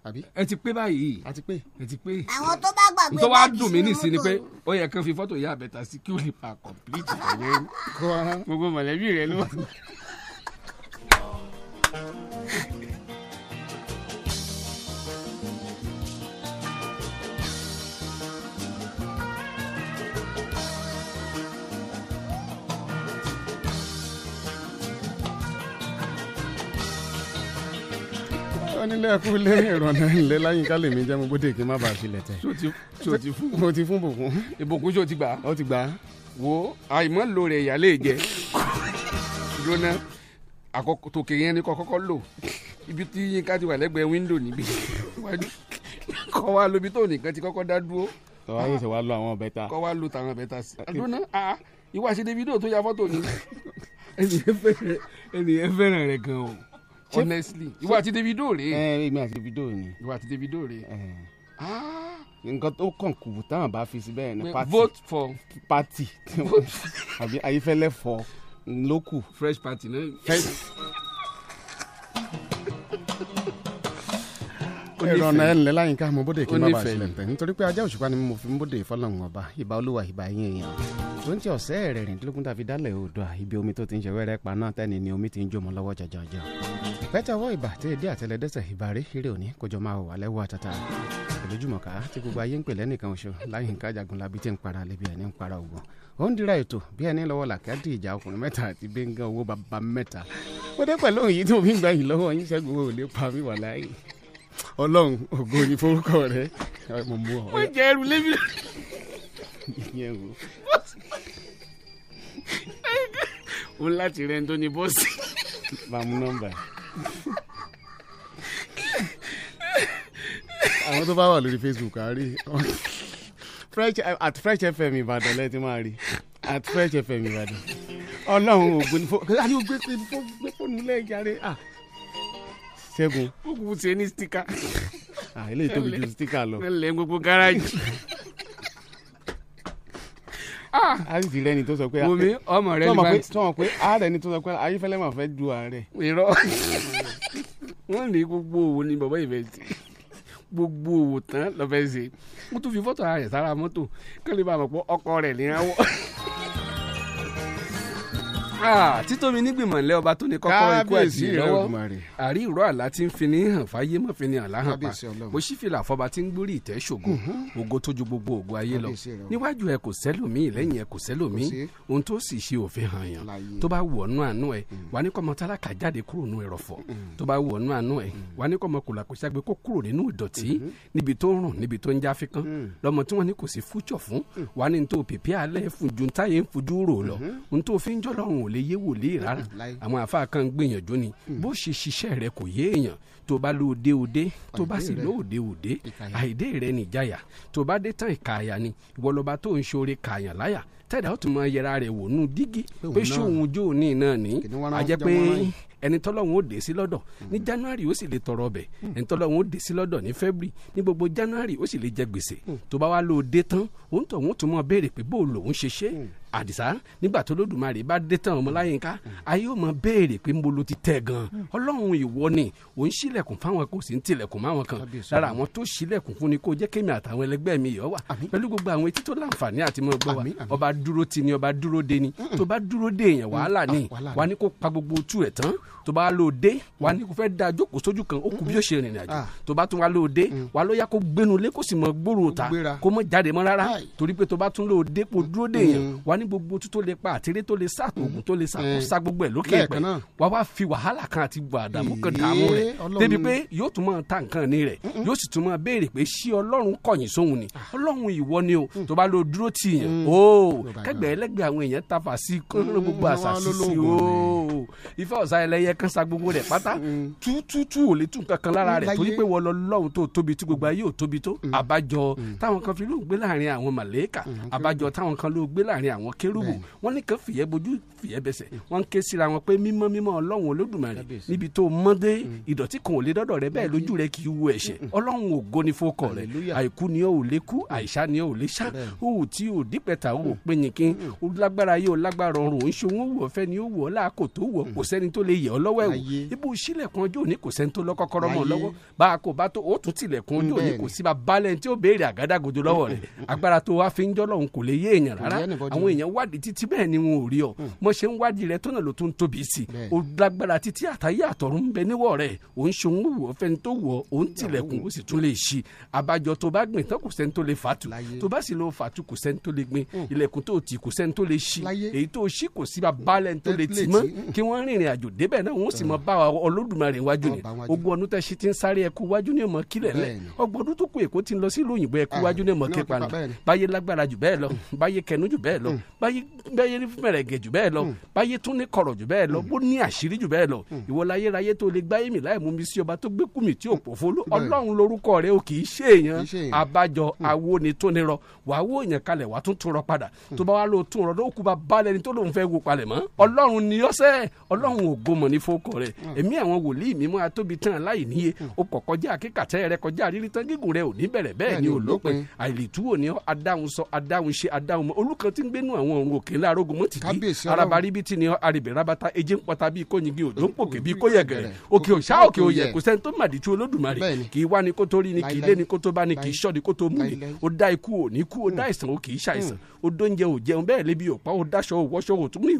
àbí. ẹ ti pé báyìí ẹ ti pé ẹ ti pé. àwọn tó bá gbàgbé tó wá dùn mí nísìnyí ni pé ó yẹ kán fi fọ́tò yá àbẹ̀tà sí kí ó lè pa complete ìfọ̀yẹ́ gbogbo mọ̀lẹ́bí rẹ ló wà. ó nílé ẹkú lẹ́yìn ìrọ̀nà ńlẹ́ láyìn ká lèmi jẹ́ mo bóde kí n má bàa filẹ̀ tẹ̀. ṣó ti fún mo ti fún bùkún. ìbùkún ṣó ti gbà. ó ti gbà. wo àìmọ́ lo rẹ̀ ìyá lè jẹ́ jóná àkókò tòkè yẹn ni kọ́kọ́ lò ibi tí yínká ti wà lẹ́gbẹ̀ẹ́ wíńdò níbi kọ́ wa lóbi tó nìkan ti kọ́kọ́ dá dúró. kọ́ wa yóò ṣe wá lo àwọn bẹ́tà. kọ́ wa lo tàwọn bẹ́tà sí. àdúrà ah, náà eh. ah, ìwà ṣe débi dò tó ya fọ́tò ni. ẹnìyẹn fẹ́ràn rẹ̀ gan o honestly ìwọ àti Davido rèé. ẹ èmi àti Davido ni. ìwọ àti Davido rèé. Ah! nǹkan tó kàn kù táwọn bá fi sí bẹ́ẹ̀ ni party vote for party àbí ayífẹ́lẹ́ fọ lókù. fresh party náà. ẹ̀rọ náà ẹ̀ láyìn ká mo bóde kí n bá bá ṣẹlẹ̀ tẹ̀ nítorí pé ajá òṣùpá ni mo fi ń bóde fọlọ́run ọba ìbà olúwa ìbà yín èèyàn tó ń ti ọ̀sẹ́ rẹ̀ rìndínlógún tàbí dálẹ̀ odò ibi omi tó ti ń ṣe wẹ́rẹ́ pa náà tẹ́ni ni omi ti ń jó mọ́ lọ́wọ́ jọjọjọ ìpẹ́ tẹ́wọ́ ìbà tí èdè àtẹlẹdẹ́sẹ̀ ìbàrí eré òní kójọ máa wà lẹ́wọ́ àtàtà ìlójúmọ̀ká tí gbogbo ayé ń pè lẹ́nìkan oṣù láyínká jagunlabi tí ń para lẹ́bi ẹ̀ ní ń para ògbọ̀n ó ń dira ètò bí ẹni lọ́wọ́ làkàdì ìjà ọkùnrin mẹ́ta àti bẹ́ńgá owó bàbá mẹ́ta ó dé pẹ̀lú òyìn tí mo fi ń gbà yín lọ́wọ́ yín ṣẹ́gun ò lè pa mí wà láyé ọlọ́run ògo ni forúkọ rẹ mo mú ọ. ó jẹ ẹrù lébi. ìyẹn o ó láti rẹ ń tó ní bọ́ọ̀sì. Ba mú nọ́mbà. Àwọn tó bá wà lórí Facebook á rí. Fresh at Fresh FM Ìbàdàn lẹ́ ti máa rí at Fresh FM Ìbàdàn. Ọlọ́run ò gbé fóònù àti ò gbé fóònù lẹ́ẹ̀járe. Ah. Ṣẹ́gun. Ó kù sí ní stika. Ah, eléyìí tóbi ju stika lọ. Ẹ lẹ́ gbogbo gáràjì a sì ti rẹni tó sọ pé wùmí ọmọ rẹ ní báyìí tọmọ pé a rẹni tó sọ pé ayífẹ́lẹ́ máa fẹ́ ju ààrẹ. irọ́ wọ́n ní gbogbo òwò ni bàbá ìfẹ́ ti gbogbo òwò tán lọ́fẹ́ ṣe mo tún fi fọ́tò ààrẹ sára mọ́tò kí ló bá mọ̀ pé ọkọ rẹ̀ ní Ah, títóbi nígbìmọ̀ lẹ́ ọba tó ní kọ́kọ́ ikú àti ìlọ́wọ́ àrí ìró àlá tí ń fini hàn fáyé mọ̀ fini hàn láhàn pa mo sì fìlà fọba tí ń gbórí ìtẹ́ ṣògo mhm. ògo tójú gbogbo ògo ayé lọ níwájú ẹ kò sẹ́lòmíì lẹ́yìn ẹ kò sẹ́lòmíì ohun tó sì ṣe òfin hàn yàn tó bá wù ọ́nú àánú ẹ mm. wà ní kọ́mọ tálákà jáde kúrò nù ẹ̀rọ̀fọ̀ mm. tó bá wù ọ́nú àánú ẹ mm. wà ní kọ́mọ kòlàkòṣàgbé kó kúrò nínú ìdọ̀tí mm-hmm. níbi tó rùn níbi tó ń jáfikán lọ́mọ tí wọ́n ní kò sí fújọ̀ fún wà ní ní tó pèpè alẹ́ fún ju táyé ń fojú rò lọ mm-hmm. ní tó fi ń jọ́ lọ́rùn ò lè yé wòlé rárá àwọn àfa kan gbìyànjú ni hmm. bó ṣe ṣiṣẹ́ rẹ kò yé èèyàn tó bá lo òde òde tó bá sì lo òde òde àìdè rẹ nìjáyà tó bá dé tán ìkàyà ni ìwọlọba tó ń ṣoore kàyàn láyà tẹ̀dá ó tún mọ yẹra rẹ̀ wò nù dígí pé ṣóun jó ní náà ní àjẹ́ pé ẹni tọ́lọ́hún ó dé sí lọ́dọ̀ ní hmm. january ó sì lè tọrọ ọbẹ̀ hmm. ẹni tọ́lọ́hún ó dé sí lọ́dọ̀ ní february ní gbogbo january ó sì lè jẹ gbèsè tó bá wá lò ó tán òun tọ̀hún tún mọ béèrè pé bó lòun ṣe ṣe àdìsá nígbà tó lódùmarè bá dé tán ọmọláyínká mm. ayé ò mọ béèrè pé mo lo ti tẹ gan mm. ọlọ́run ìwọ ni ò ń ṣílẹ̀kùn fáwọn kò sí ń tilẹ̀kùn máwọn kan lára àwọn tó ṣílẹ̀kùn fún ni kò jẹ́ kémi àtàwọn ẹlẹgbẹ́ mi yọ̀ wá pẹ̀lú gbogbo àwọn etí tó láǹfààní àti mọ̀ gbọ́ wa ọba dúró ti ni ọba dúró de ni tó bá dúró de èèyàn wàhálà ni ah, wà ní kó pa gbogbo ojú ẹ̀ tán tó bá lò dé wà hmm. ní kò fẹ́ da jókòó sójú kan ó kù bí ó ṣe rìnrìn àjò hmm. ah. tó bá tún hmm. wà lò dé wà ló yá kó gbénu lé kó sì mọ gbòòrò ta kó mọ jáde mọ rárá torí pé tó bá tún lò dé kó dúró dé yẹn wà ní gbogbo tó lè pa àtẹrẹ tó lè sá àtògùn tó lè sá kó sá gbogbo ẹ lókè ẹgbẹ wà wá fi wàhálà kan àti gbàdàmú kan dààmú rẹ débi pé yóò tún máa ta nǹkan ní rẹ yóò sì tún máa béèrè pé ṣé ọlọ́run kọ̀yìn sóhun ni ah. ọlọ́run ìwọ ni o mm. tó bá lò dúró tì yẹn mm. o kẹgbẹ́ ẹlẹ́gbẹ́ àwọn èèyàn tafa sí kọ́ gbogbo àṣà sí sí o ìfẹ́ ọ̀sán ẹlẹ́yẹ kan sa gbogbo rẹ̀ pátá mm. tútútú ò lè tún kankan lára rẹ̀ torí pé wọ́n lọ lọ́hùn tó tóbi tí gbogbo ayé ò tóbi tó mm. àbájọ mm. táwọn kan fi ló gbé láàrin àwọn màlẹ́kà àbájọ táwọn kan ló gbé láàrin àwọn kérúbù wọ́n ní kan fìyẹ́ bojú fìyẹ́ bẹ́sẹ̀ wọ́n ń ké síra wọn pé mímọ́ mímọ́ ọlọ́run olódùmarè níbi tó mọ́ dé mm. ìdọ̀tí kan ò lè dọ́dọ̀ rẹ bẹ́ẹ̀ lójú rẹ kì í wo ẹ̀ṣẹ̀ ọlọ́run ògo ni fokọ rẹ àìkú ni ó lè kú mm. àìsá ni ó lè sá òwò tí ò dípẹ̀ta ò mm. pinnikin ó lágbára yóò lágbára ọrùn òun ṣe òun wọ̀ fẹ́ ni ó wọ̀ ọ́lá kò tó wọ̀ kò sẹ́ni tó lè yẹ̀ ọ́ lọ́wọ́ ẹ̀wò ibú sílẹ̀kùn ọjọ́ òní kò sẹ́ni tó lọ́kọ́kọ́rọ́ mọ́ lọ́wọ́ bá a kò bá tó ó tún tilẹ̀kùn ọjọ́ òní kò sí bá balẹ̀ tí ó béèrè àgádágodo lọ́wọ́ rẹ̀ agbára tó wá fi ń jọ́ lọ́hùn kò lè yé èèyàn rárá àwọn èèyàn wádìí títí bẹ́ẹ̀ ni wọn ò rí ọ m mo ṣe ń wádìí rẹ tó náà ló tún tóbi sí i o lágbára títí àtàyè àtọ̀run ń bẹ níwọ̀ rẹ̀ ò ń ṣòun wò ó fẹ́ni tó wọ̀ ó ń tilẹ̀kùn ó sì tún lè ṣí àbájọ tó bá gbìn tán kò sẹ́ni tó lè fàtú tó bá sì lọ fàtú kò sẹ́ni tó lè gbìn ilẹ̀kùn tó ti kò sẹ́ni tó lè ṣí èyí tó ṣí kò sí balẹ̀ tó lè tì mọ́ kí wọ́n rìnrìn àjò débẹ̀ náà wọ́n sì mọ bá Olódùmarè ni ogun ọdún tẹ́ ṣe ti ń sáré ẹkú wájú ní ọmọ kílẹ̀ lẹ̀ ọgbọ̀n ọdún tó kù èkó ti ń lọ sílùú òyìnbó ẹkú ah, wájú ni báyé lágbára lọ hmm. báyé tún ní kọ̀rọ̀ jù bẹ́ẹ̀ lọ hmm. bó ní àṣírí jù bẹ́ẹ̀ lọ hmm. ìwọ láyéráyé tó lè gbáyé mi láì mú mi sí ọba tó gbé kùmí tí ò pòfolo ọlọ́run lorúkọ rẹ o kì í ṣe èèyàn abájọ awo ni tó ní rọ wàá wó èèyàn kalẹ̀ wàá tún tún rọ padà tó bá wà ló tún rọ lóòkù bá balẹ̀ ni tó lóun fẹ́ wo palẹ̀ mọ́ ọlọ́run ni ọsẹ́ ọlọ́run ò gomọ̀ ní fọ́kọ rẹ̀ èmi àwọn wòlíì mi máa tóbi tán láì níye o kọ̀ kọjá kíkàtẹ́ rẹ kọjá rírí tán gígùn rẹ ò ní bẹ̀rẹ̀ bẹ́ẹ̀ ni ò lópin àìlètúwò ni adáhùn sọ adáhùn ṣe adáhùn mọ́ olùkàn tí ń gbénu àwọn òun òkè ńlá arógun mọ́ tìdí ara abaribiti ni aribe rabata eji ń pọta bíi kóyingi òjò ń pòkè bíi kóyẹgẹrẹ òkè òṣà òkè òyẹ kò sẹ́ni tó màdí tí olódùmarè kì í wá ni kó tó rí ni kì í lé ni kó tó bá ni kì í ṣọ́ ni kó tó mú ni ó dá ikú ò ní kú ó dá hmm. ìsàn ó kì í hmm. ṣàìsàn ó dóúnjẹ ò jẹun bẹ́ẹ̀ lébi òpá ó dáṣọ ò wọṣọ ò tún ní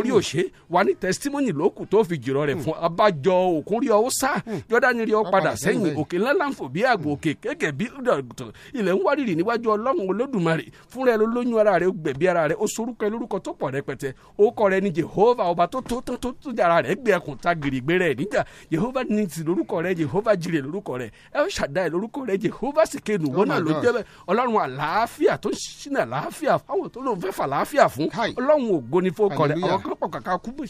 ìhòhò ní testimony lókù tó fi jìrọ̀ rẹ̀ fún hmm. abájọ ni rí ọ padà sẹ́yìn òkè ńlá láǹfò bí àgbò òkè kéèké bí ilẹ̀ ń wárìrì níwájú ọl ọlọ́run olódùmarè fúnra ẹ lóyún ara rẹ ó gbẹ̀bí ara rẹ ó sorúkọ ẹ lórúkọ tó pọ̀ rẹpẹtẹ ó kọ rẹ ní jehova ọba tó tó tó tó dára rẹ gbé ẹkùn ta gèrègbè rẹ níjà jehova nisi lórúkọ rẹ jehova jire lórúkọ rẹ el shaddai lórúkọ rẹ jehova sikenu oh wọn náà ló jẹ bẹ ọlọ́run àlàáfíà tó ṣínà àlàáfíà fáwọn tó lóun fẹ́ fà àlàáfíà fún ọlọ́run ògo ni fó kọ rẹ àwọn kan pọ̀ kàkà kú bó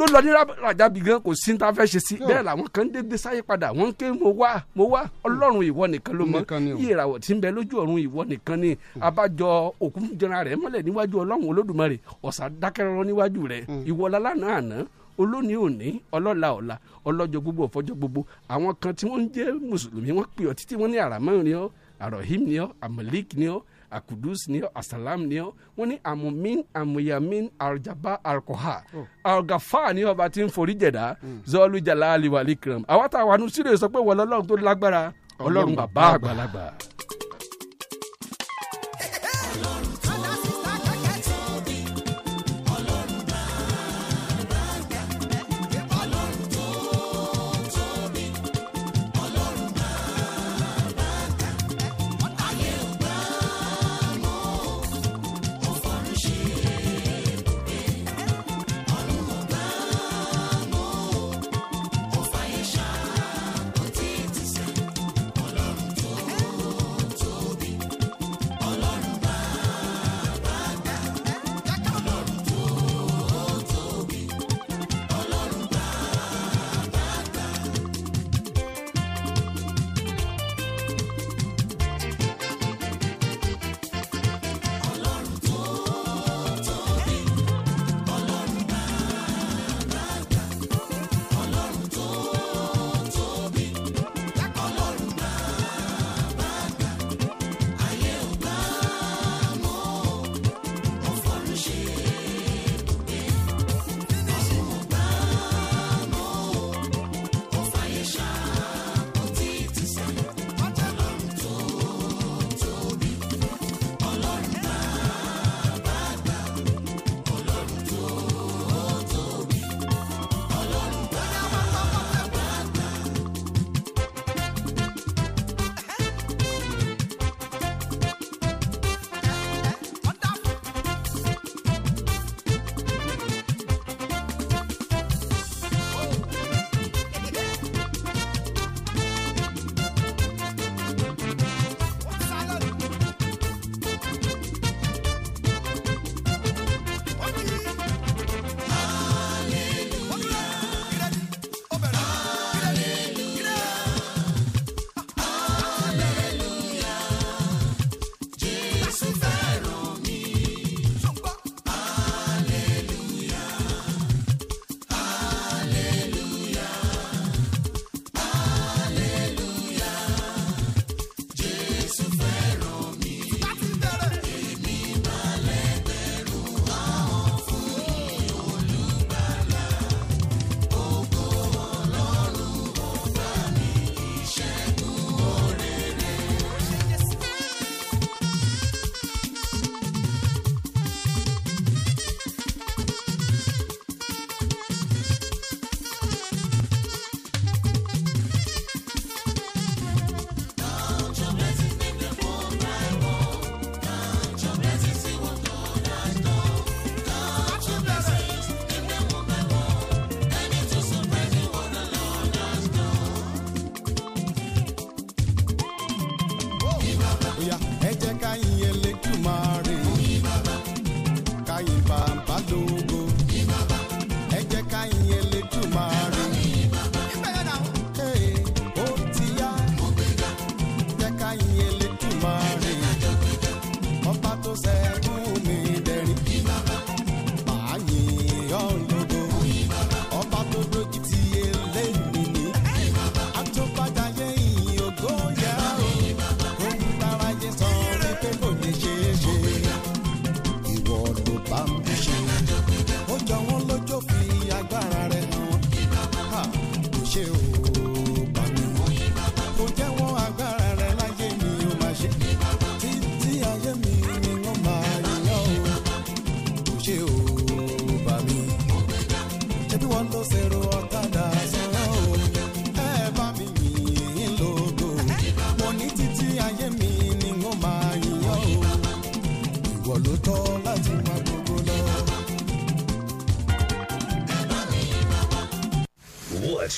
ló lọ ní rajabi gan kò sí ní ta fẹ́ ṣe sí bẹ́ẹ̀ làwọn kan dédé sáyé padà wọ́n ń ké mo wá mo wá ọlọ́run ìwọ nìkan ló mọ iye tí ń bẹ lójú ọ̀run ìwọ nìkan ni hmm. abájọ òkú jẹra rẹ̀ mọ́lẹ̀ níwájú ọlọ́run olódùmarè ọ̀sà dákẹ́rọ́rọ́ níwájú rẹ̀ hmm. ìwọ lálánà àná olóni òní ọlọ́la ọ̀la ọlọ́jọ́ gbogbo ọ̀fọ́jọ́ gbogbo àwọn kan tí wọ́n ń jẹ́ mùsùlùmí wọ́n pè ọ́ akudus ni asalam ni ọ wọn ní amumin amuyamin aljaba alkoha algafa ni ọba tí ń forí jẹ̀dá zọlù jalali wàlíkram àwọn àtàwọn àánú sílẹ̀ sọ pé wọlọ́lọ́run tó lágbára ọlọ́run bàbá àgbàlagbà.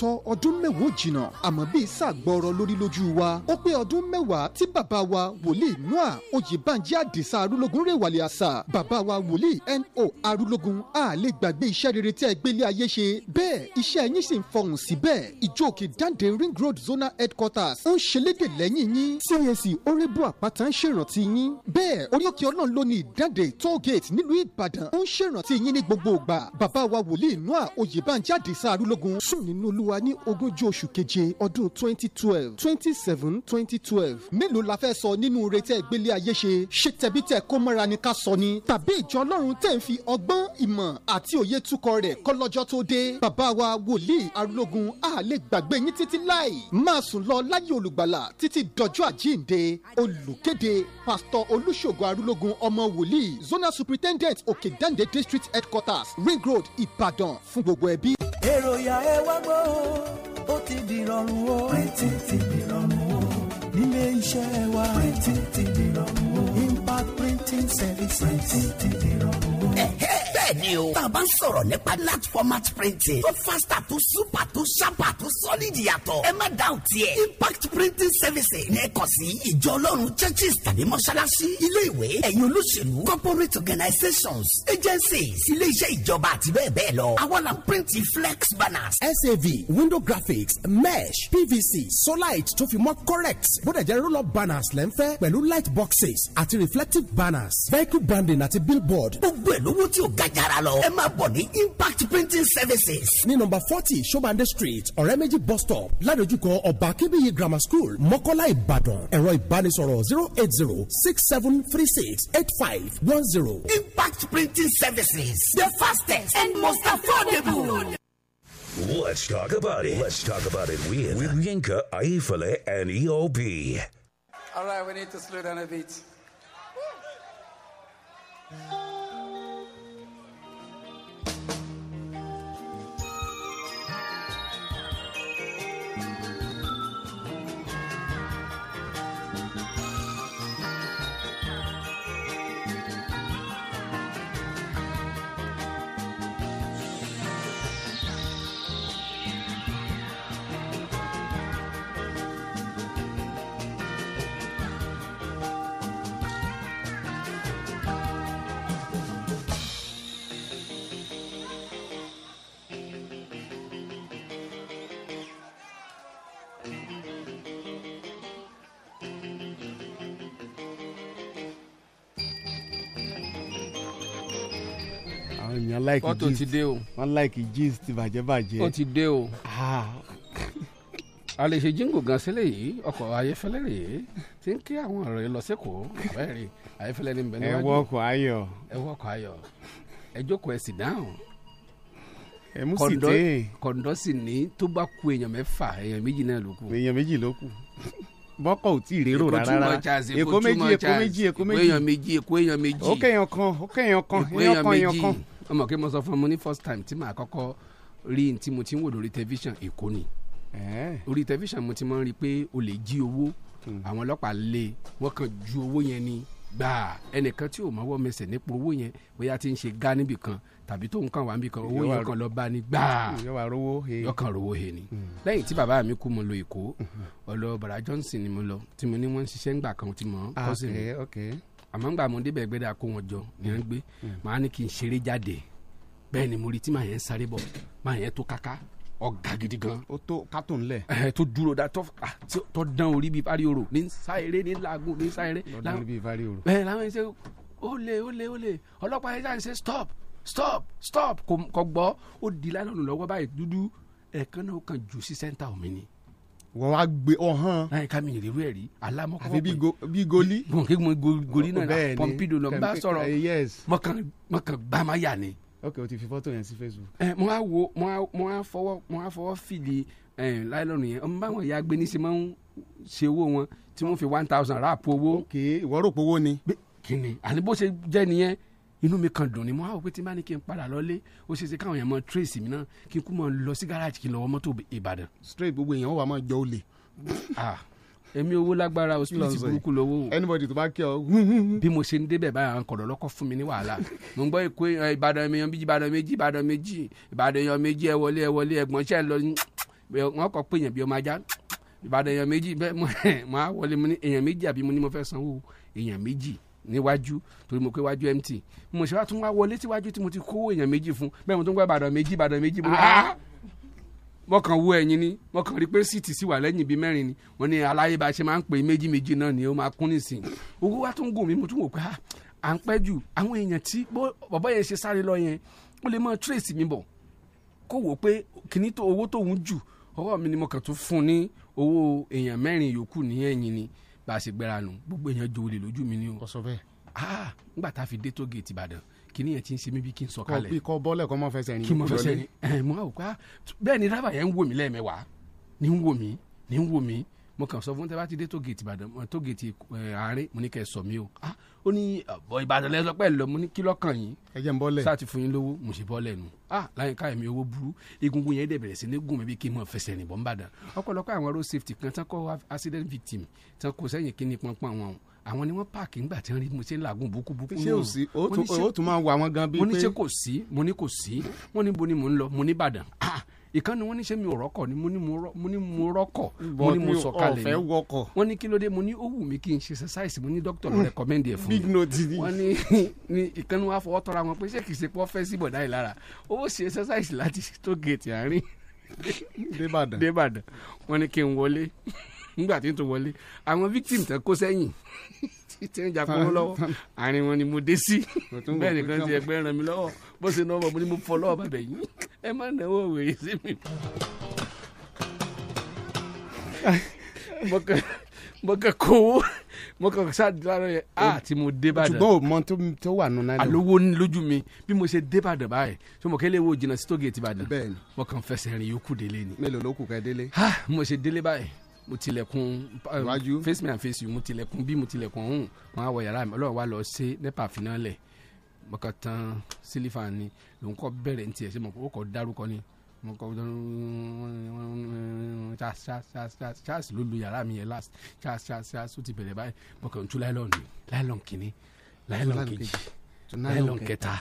tó ọdún mẹ́wàá jìnnà àmọ́ bíi sàgbọ́rọ̀ lórí lójú wa ó pé ọdún mẹ́wàá tí bàbá wa wòlíì noah oyèbánjí àdìsá arúlógún rèwàlẹ̀ àṣà bàbá wa wòlíì no arúlógún a lè gbàgbé iṣẹ́ rere tí ẹ gbélé ayé ṣe bẹ́ẹ̀ iṣẹ́ yín sì ń fọhùn síbẹ̀ ìjókè dáǹdè ring road zonal headquarters ń ṣelédè lẹ́yìn yín cac orébù àpáta ń ṣèrántí yín bẹ́ẹ̀ orí òkè ọlọ́run ló ní ìdáǹdè toll gate nílùú ìbàdàn ń ṣèrántí yín ní gbogbo ìgbà bàbá wa wòlíì noah oyèbánjí àdìsá arúlógún sùn nínú olú wa ní ogúnjọ́ oṣù keje ọdún twenty twelve twenty seven twenty twelve mélòó la fẹ́ sọ nínú retí ẹ̀gbélé ayé ṣe ṣe tẹ̀bí kó mọ́ra ni ká sọ ni tàbí ìjọ ọlọ́run tẹ̀ ń fi ọgbọ́n ìmọ̀ àti òye tukọ̀ rẹ̀ kọ́ lọ́jọ́ tó dé bàbá wa wòlíì arúlógún a lè gbàgbé yín títí láì máa sùn lọ láyé olùgbàlà títí dọjọ́ àjíǹde olùkéde pásítọ̀ olùṣògo arúlógún ọmọ wòlíì zonal superintendent òkè dande district headquarters ring road ìbàdàn fún gbogbo ẹbí. èrò ẹ wá gbọ́ ó ti di rọrùn o. pẹ́ntì ti di rọrùn o. nílé iṣẹ́ wa pẹ́ntì ti di rọrùn o. impact printing services pẹ́ntì ti di rọrùn o bẹ́ẹ̀ni o tá a bá ń sọ̀rọ̀ nípa nat format printing tó faster tó super tó sharper tó solid yàtọ̀ ẹ má dáhùn tiẹ̀ impact printing services ní ẹ̀kọ́ sí ìjọ ọlọ́run churches tàbí mọ́ṣáláṣí ilé ìwé ẹ̀yin olóṣèlú corporate organizations agencies ilé iṣẹ́ ìjọba àti bẹ́ẹ̀ bẹ́ẹ̀ lọ àwọn la print flex banners. sav window graphics mesh pvc solite tó fi mọ́ correct bóde jẹ́ roll up banners lẹ́ńfẹ́ pẹ̀lú light boxes àti reflective banners vehicle branding àti billboard gbogbo ẹ̀ ló ẹ̀dínwó tí ò ga jara lọ. ẹ máa bọ̀ ní impact printing services. ní nọ́mbà forty sobande street ọ̀rẹ́ méjì bus stop ládojúkọ ọba akínbíyì grammar school mọ́kọ́lá ìbàdàn ẹ̀rọ ìbánisọ̀rọ̀ zero eight zero six seven three six eight five one zero. impact printing services the fastest and most affordable. Let's talk about it. Let's talk about it with, with Yinka, Aifale, and EOB. All right, we need to slow down a bit. like gist fọ́tò ti dé o wọ́n like gist bàjẹ́bàjẹ́ ó ti dé o ah. a lè ṣe jíǹgò gan sílẹ̀ yìí ọkọ̀ ayẹ́fẹ́lẹ́ rèé tí ń kí àwọn ọ̀rọ̀ yìí lọ sẹ́kọ̀ọ́ àbẹ́rẹ́ ayẹ́fẹ́lẹ́ ní bẹ́ẹ̀ níwájú ẹ wọ ọkọ̀ ayọ̀ ẹ wọ ọkọ̀ ayọ̀ ẹ jókòó ẹ sì dáhùn ẹ mú sì dé kọ̀ǹdọ́ sì ní tó bá ku èèyàn mẹ́fà èèyàn méjì náà ló kù èèyàn méjì ló kù bọ́kọ̀ ò tí ì rérò rárá èkó méjì èkó méjì èkó méjì èkó èèyàn méjì èkó èèyàn méjì ó kẹyàn kan ó kẹyàn kan èèyàn kan èèyàn kan ọmọ kí mo sọ fún mo ní first time tí màá kọ́kọ́ rí n tí mo ti ń wò lórí tẹlifíṣàn èkó ni orí tẹlifíṣàn mo ti máa ń rí i pé o lè jí owó hmm. àwọn ọlọ́pàá lé wọ́n kàn ju owó yẹn ni gbà ẹnìkan tí ò mọ́wọ́ mẹsẹ̀ nípa owó yẹn bóyá ti ń ṣe gá níbì kan tàbí tóun kàn wá níbì kan owó yẹn kan lọ bá ní gbà hmm, yọkàn rówó he ni hmm. lẹ́yìn tí bàbá mi kú mo lọ Èkó ọ̀lọ́ bara Johnson ni mo lọ tí mo ní wọ́n ń ṣiṣẹ́ ńgbà kan tí mo kọ́ sí mi àmọ́ ńgbà mo débẹ̀ gbẹ́dà kó wọn jọ ni wọ́n gbé mm. Mm. màá ní kí n ṣeré jáde bẹ́ẹ̀ ni mo rí tí màá yẹn ń sáré bọ̀ màá yẹn tó káká ọ̀gá gidi gan. ó tó kátó ńlẹ̀. ẹ tó dúró da tó ah, tó dán orí bíi fáríorò ní sáyéré ní làágùn ní sáyéré. lọ́dún orí bíi fáríorò. bẹ́ẹ̀ làwọn ẹ̀ṣẹ̀ olè olè olè ọlọ́pàá ẹ̀ṣẹ̀ àìṣe stop stop stop kò gbọ́ ó di lálọ́nù lọ́wọ́ báyìí dúdú ẹ̀ẹ̀kan náà kàn jù sí sẹ́ńtà òmìnir wọ́n wá gbé ọ̀hán. láyé ká mi yèrè wẹ̀ rí alámọ̀kọ́ pé bí goli. mọ̀ kí mo goli náà la pọ̀npidò lọ bá sọ̀rọ̀ mọ̀kàn bá má yà ni. ok o ti fi fọ́tò yẹn sí facebook. ẹ eh, mo á wo mo á fọwọ́ mo á fọwọ́ fìdí eh, láìlọ́nù yẹn ọmọ báwọn ìyá gbé ní ṣe ń ṣe owó wọn tí wọ́n fi one thousand rà àpò owó. ok ìwọ rò owó ni. kí ni àní bó ṣe jẹ́ nìyẹn inú mi kan dùn ni mo á wò pé tí n bá ní kí n padà lọlé ó ṣe é ṣe káwọn èèyàn mọ trace mi náà kí n kú mọ lọ sí gáràjì kí n lọ mọ́tò ìbàdàn. straight gbogbo èèyàn wà máa jọ olè. Ah, èmi owó lágbára o burúkú lówó. anybody tó bá kí ọ. bí mo ṣe ń débẹ̀ báyà ń kọ̀dọ̀ lọ́kọ̀ fún mi ní wàhálà mo ń gbọ́ èkó eh, ìbàdàn èèyàn méjì ìbàdàn méjì ìbàdàn méjì ìbàdàn èèyàn méjì ẹ wọlé ẹ wọlé ẹgbọ́n ṣẹ́ lọ wọn kọ pé èèyàn bí ọmọ ajá ìbàdàn èèyàn méjì bẹ́ẹ̀ mo á wọlé mo ní èèyàn méjì àbí mo ní mo fẹ́ sanwó èèyàn méjì níwájú torí mo pé wájú empty mo ṣe wá tún wá wọlé síwájú tí mo ti kówó èèyàn méjì fún bẹ́ẹ̀ mo tún gba ìbàdàn méjì ìbàdàn méjì mo ah! mọ kàn wo ẹ̀yìn ni mọ kàn rí pé síìtì sì wà lẹ́yìn bíi mẹ́rin ni wọ́n ní aláyé bá ṣe máa ń pè méjì méjì náà ni ó máa kún nísìn owó wa tún gùn mí mo tún wò pé ah, à ń pẹ́ jù àwọn èèyàn tí bàbá yẹn ṣe sáré lọ yẹn ó lè mọ trace mi bọ̀ kó wò pé kíní owó tóun jù ọwọ́ mi ni mo tún fún ní owó èèyàn mẹ́rin yòókù ní ẹ̀yìn ni bá a ṣe gbéra nù gbogbo èèyàn jo olè lójú mi ni o. ọsọ aa ah, ngbà tá a fi dé tó géètì Ìbàdàn kìnìún yẹn ti ń ṣe mí bí kí n sọ kalẹ̀. kọ bí kọ bọ́lẹ̀ kọ́ mọ́ fẹsẹ̀ rìn. kí mo fẹsẹ̀ rìn ẹ̀ mọ́ àwòká bẹ́ẹ̀ ni dábàá yẹn ń wò mí lẹ́ẹ̀mẹ́wàá ni ń wò mí ni ń wò mí mo kàn sọ fún tẹ bá ti dé tógèètì ìbàdàn eh, tógèètì eh, àárẹ̀ mo ní kẹ́ ẹ sọ mi o ah, ó ní ọ̀bọ̀ ìbàdàn lẹ́sọ pẹ̀lú mo ní kí lọ́kàn yín ẹ jẹ́ n bọ́lẹ̀ sáà ti fún yín lówó mo sì bọ́lẹ̀ nu ah, láyìnká ẹ̀mí owó burú egungun yẹn dẹ̀ bẹ̀rẹ̀ sí ní gùn mi bí kí n mọ̀ fẹsẹ̀ rìn bọ́ ń bàdàn ọ̀pọ̀lọpọ̀ àwọn road safety kan tán kọ́ accident victim tán kó sẹ́yìn kí ni pọ́npọ́n wọn o àwọn ni wọ́n páàkì ńgbà tí wọ́n rí mo ṣe ń làágùn búkúbúkú náà. ṣé o sí o tún máa wọ àwọn gan bíi pé. mo ní ṣe kò sí mo ní kò sí wọ́n ní bo ni mò ń lọ mo ní ìbàdàn ah, ìkànnì wọn ní ṣé mi ò rọ́kọ̀ ni mo ní mo rọ́kọ̀ mo ní mo sọ̀kalẹ̀ ni wọ́n ní kí ló dé mo ní ó wù mí kí n ṣe exercise mo ní dókítà ló rẹkọmẹ́ndì ẹ̀ fún mi wọ́n ní ní ìkànnì wọn afọwọ́ tọ́ra wọn pé ṣé kì ṣe pé wọ́n fẹ́ sí bọ̀dá yìí lára ó ṣe exercise láti tó gèètì àárín débàdàn wọ́n ní kí n wọlé nígbà tí n tó wọlé àwọn victim tẹ kó sẹ́yìn tí ń jà kúrò lọ́wọ́ àárín wọn ni mo dé sí bẹ́ẹ̀ nìkan ti ẹgbẹ́ ràn mí lọ́wọ́ bó ṣe náà mo ní mo fọlọ́ ọba bẹ̀ yín ẹ má náwó wèrè sí mi. mo kàn kówó mo kàn a ah, ti mo dé Ìbàdàn. ṣùgbọ́n o mọ tó wà nù náà. àlówó ni lójú mi bí mo ṣe dé Ìbàdàn báyìí so mo kẹ́lẹ́ wo jìnnà sí tóge ti Ìbàdàn bẹ́ẹ̀ni mo kàn fẹsẹ̀ rìn yòókù délé ni. mélòó ló kù ká délé. ha ah, mo ṣe délé báyìí mo tilẹ̀kùn um, face me and face you mo tilẹ̀kùn bí mo tilẹ̀kùn ọ̀hún wọn á wọ yàrá mi ọlọ́run wa lọ ṣe nípa àfinà lẹ̀ mo kàn tán sílífà ni lòun kọ́ bẹ̀rẹ̀ ní tiẹ̀ ṣe mo kọ́ dárúkọ ni mo kọ́ charles ló lu yàrá mi yẹn last charles charles charles ó ti bẹ̀rẹ̀ báyìí mo kàn ń tú láìlọ́ọ̀nù ni láìlọ́ọ̀nù kìíní láìlọ́ọ̀nù kejì láìlọ́ọ̀nù kẹta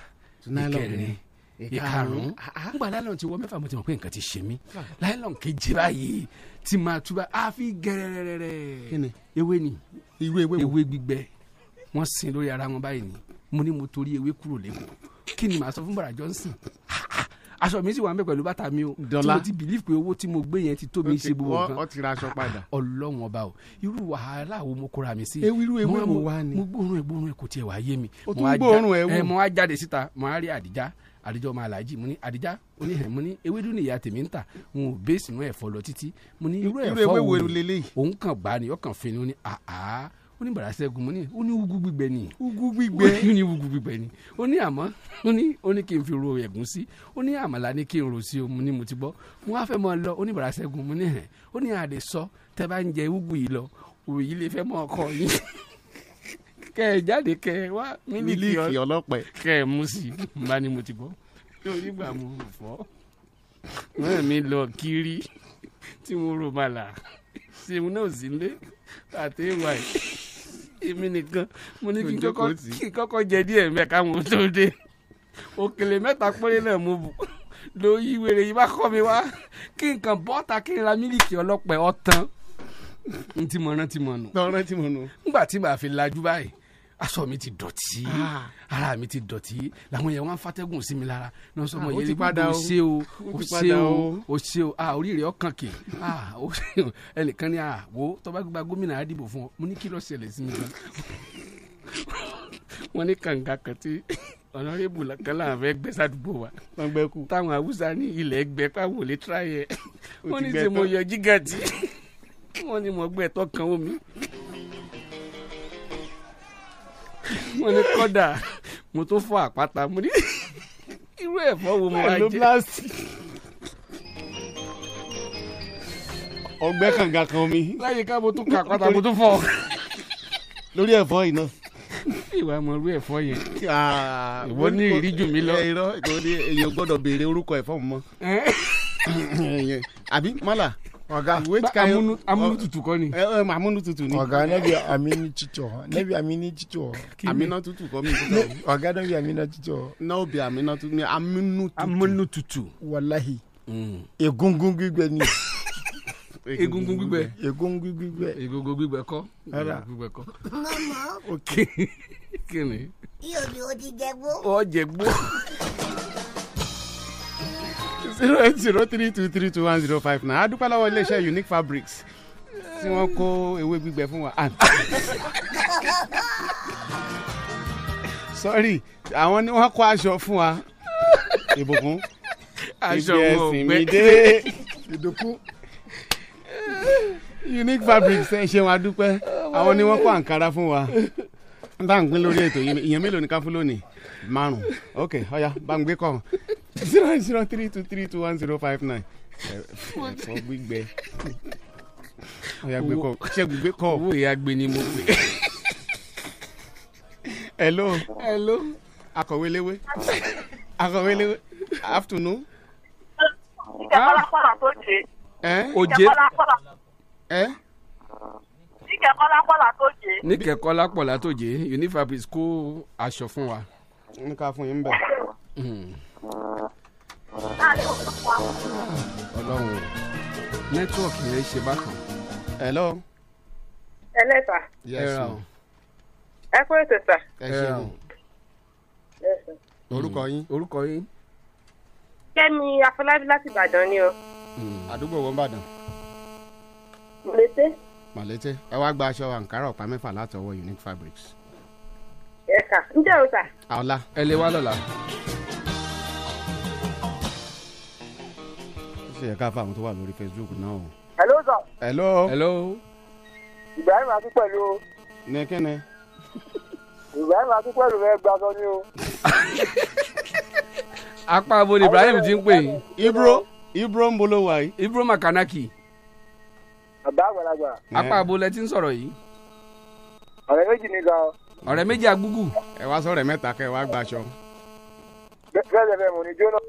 ìkẹrin ìkarùn ngbà láìlọ́n ti wọ mẹ́fà mo ti mọ̀ pé nǹkan ti ṣe mí ah. láìlọ́n kejì báyìí ti máa túbà àfi gẹ́rẹ́rẹ́rẹ́ ewé ni ewé gbígbẹ wọ́n sin lórí ara wọn báyìí ni mo ní mo torí ewé kúrò lẹ́kọ̀ọ́ kí ni màá sọ fún bàrà Johnson aṣọ mi sì wà ń bẹ pẹ̀lú bàtà mi o tí mo ti believe pé owó tí mo gbé yẹn ti tó mi ṣe gbogbo nǹkan ó ti ra aṣọ padà ọlọ́run ọba o irú wàhálà wo mo kóra mi sí ewúrú ewé wo wá ni mo gbóòórùn ẹ gbóòórùn ẹ kò tiẹ̀ wá yé mi mo wá jáde síta mo wá rí àdìjá àdìjọ ọmọ aláàjì mo ní àdìjá oníhẹ̀ mo ní ewédú ni ìyá tèmi ń tà n ò bẹ́ẹ̀ sínú ẹ̀fọ́ lọ títí mo ní irú ẹ̀fọ́ òun kàn gbá ni ọkàn fin ni ó ní àá ní bàrà sẹ́gun mo ní ó ní ugu gbígbẹ ni. ugu gbígbẹ ó ní ugu gbígbẹ ni ó ní àmọ́ ó ní ó ní kí n fi ro ẹ̀gúsí ó ní àmàlà ní kí n rò sí omi ní mo ti gbọ́ mo wá fẹ́ mọ lọ ó ní bàrà sẹ́gun mo ní ó ní àdè sọ tẹ́ bá ń jẹ ugu yìí lọ òwe yìí lè fẹ́ mọ ọkọ yín kẹ ẹ jáde kẹ ẹ wá mílíkì ọlọ́pẹ kẹ ẹ mú sí bá ní mo ti gbọ́ lórí mo fọ́ mọ́ mi lọ kiri tí mo rò màlà ṣe mo náà sí lé àti yìí èmi nìkan mo ní kí n kọ́kọ́ jẹ díẹ̀ mẹ́ káwọn tó dé òkèlè mẹ́ta péré náà mo bù ló yí wèrè yìí bá kọ́ mi wá kí nǹkan bọ́ta kí n ra mílìkì ọlọ́pẹ́ ọ̀tán n ti mọ̀ rántí mọ̀ nù. rántí mọ̀ nù. nígbà tí màá fi lajú báyìí aṣọ mi ti dọ̀tí ah. ara mi ti dọ̀tí làwọn yẹn wọn fatẹ́gùn sí mi lára náà sọ ma yẹ ibi kò ṣe o o ṣe o o ṣe o ah orí rẹ̀ ọkàn kì ah ẹnìkan ni ah wo tọ́ba gba gómìnà àdìbò fún ọ mo ní kí ló ṣẹlẹ̀ sí mi gan wọn ní kànga kan tí ọ̀nàrẹ́bù kan láwọn fẹ́ gbẹ́ sádùúgbò wa táwọn haúsá ní ilẹ̀ gbẹ káwọn ò lè tíráyẹ wọn ní sè mo yọ jígàtì wọn ní mo gbẹ tọkàn omi mo ní kọ́dà mo tún fọ́ àpáta mo ní irú ẹ̀fọ́ wo mo wá jẹ. ọgbẹ́ kànga kan mi. láyé ká mo tún kà àpáta mo tún fọ́. lórí ẹ̀fọ́ yìí náà ìwà mọ irú ẹ̀fọ́ yẹn. ìwọ ní ìrí jù mí lọ. irọ́ èèyàn gbọ́dọ̀ orúkọ ẹ̀fọ́ mọ́. àbí mọ́là ọ̀gá ah, amúnútutù oh, kọ́ ni. Eh, eh, amúnútutù ni. ọ̀gá nẹ́bi amínú títọ̀ nẹ́bi amínú títọ̀. amínú tutù kọ́ mi. ọ̀gá nẹ́bi amínú títọ̀. nọ́ọ̀bì amínú tutù amúnútutù. amúnútutù. wàláhì mm. egungun gbígbẹ ni. egungun gbígbẹ. egungun gbígbẹ. egungun gbígbẹ kọ́. rárá gbígbẹ kọ́. mama. ok kí ni. yóò di o ti jẹ gbó. ọ jẹ gbó zero eight zero three two three two one zero five nine adúpẹ́ lọ́wọ́ iléeṣẹ́ unique fabrics tí wọ́n kó ewé gbígbẹ fún wa. Ah. sorry àwọn ni wọ́n kó aṣọ fún wa ìbùkún ìjẹsìn mi dé unique fabrics ẹ ṣeun adúpẹ́ àwọn ni wọ́n kó àǹkárá fún wa bá ń gbé lórí ètò yìí ìyẹn mélòó ni ká fún lónìí márùn ok ọ̀ya bá ń gbé kọ́ zero zero three two three two one zero five nine ẹ̀fọ́ gbígbẹ ọ̀yàgbé kọ ṣẹ́gbẹ́ kọ. owó ìyàgbé ni mo pè. hello. hello. akọ̀wé léwé. akọ̀wé léwé. afternoon. ìkẹ́kọ̀lákọ̀lá tó jẹ. ẹ́ òjé. ìkẹ́kọ̀lákọ̀lá. ẹ́. níkẹ́kọ̀lákọ̀lá tó jẹ. níkẹ́kọ̀lákọ̀lá tó jẹ unifabric kó aṣọ fún wa. ní ká fún yín bẹ́ẹ̀. Hmm. ọlọ́run o nẹ́tíwọ̀kì yẹn ṣe bákan. hello. ẹlẹ́ sà. yes ma. ẹ kú ètò sà. ẹ ṣeun. orúkọ yín. Hmm. orúkọ yín. kẹ́mi afọlábí láti ìbàdàn ni o. Hmm. àdúgbò wo bàdàn. màlété. màlété ẹ wá gba aṣọ àǹkárá ọ̀pá mẹ́fà látọwọ́ unique fabrics. ẹ sà ń jẹ́ o sà. ẹ lè wá lọ́la. ṣe yẹ ká fáwọn tó wà lórí facebook náà hello sir. hello. hello. ibrahim pẹ̀lú o. ní kíni. ibrahim pẹ̀lú rẹ gbàgbọ́ ni o. apá abo ni ibrahim ti ń pè ibro ibro ń bolo ibro makanaki. bàbá àgbàlagbà. apá abo lẹ ti ń sọ̀rọ̀ yìí. ọ̀rẹ́ méjì ni gan. ọ̀rẹ́ méjì agbúgù. ẹ wá sọ̀rọ̀ mẹ́ta kẹ́ ẹ wá bẹ́ẹ̀ bẹ́ẹ̀ mo ní jóná.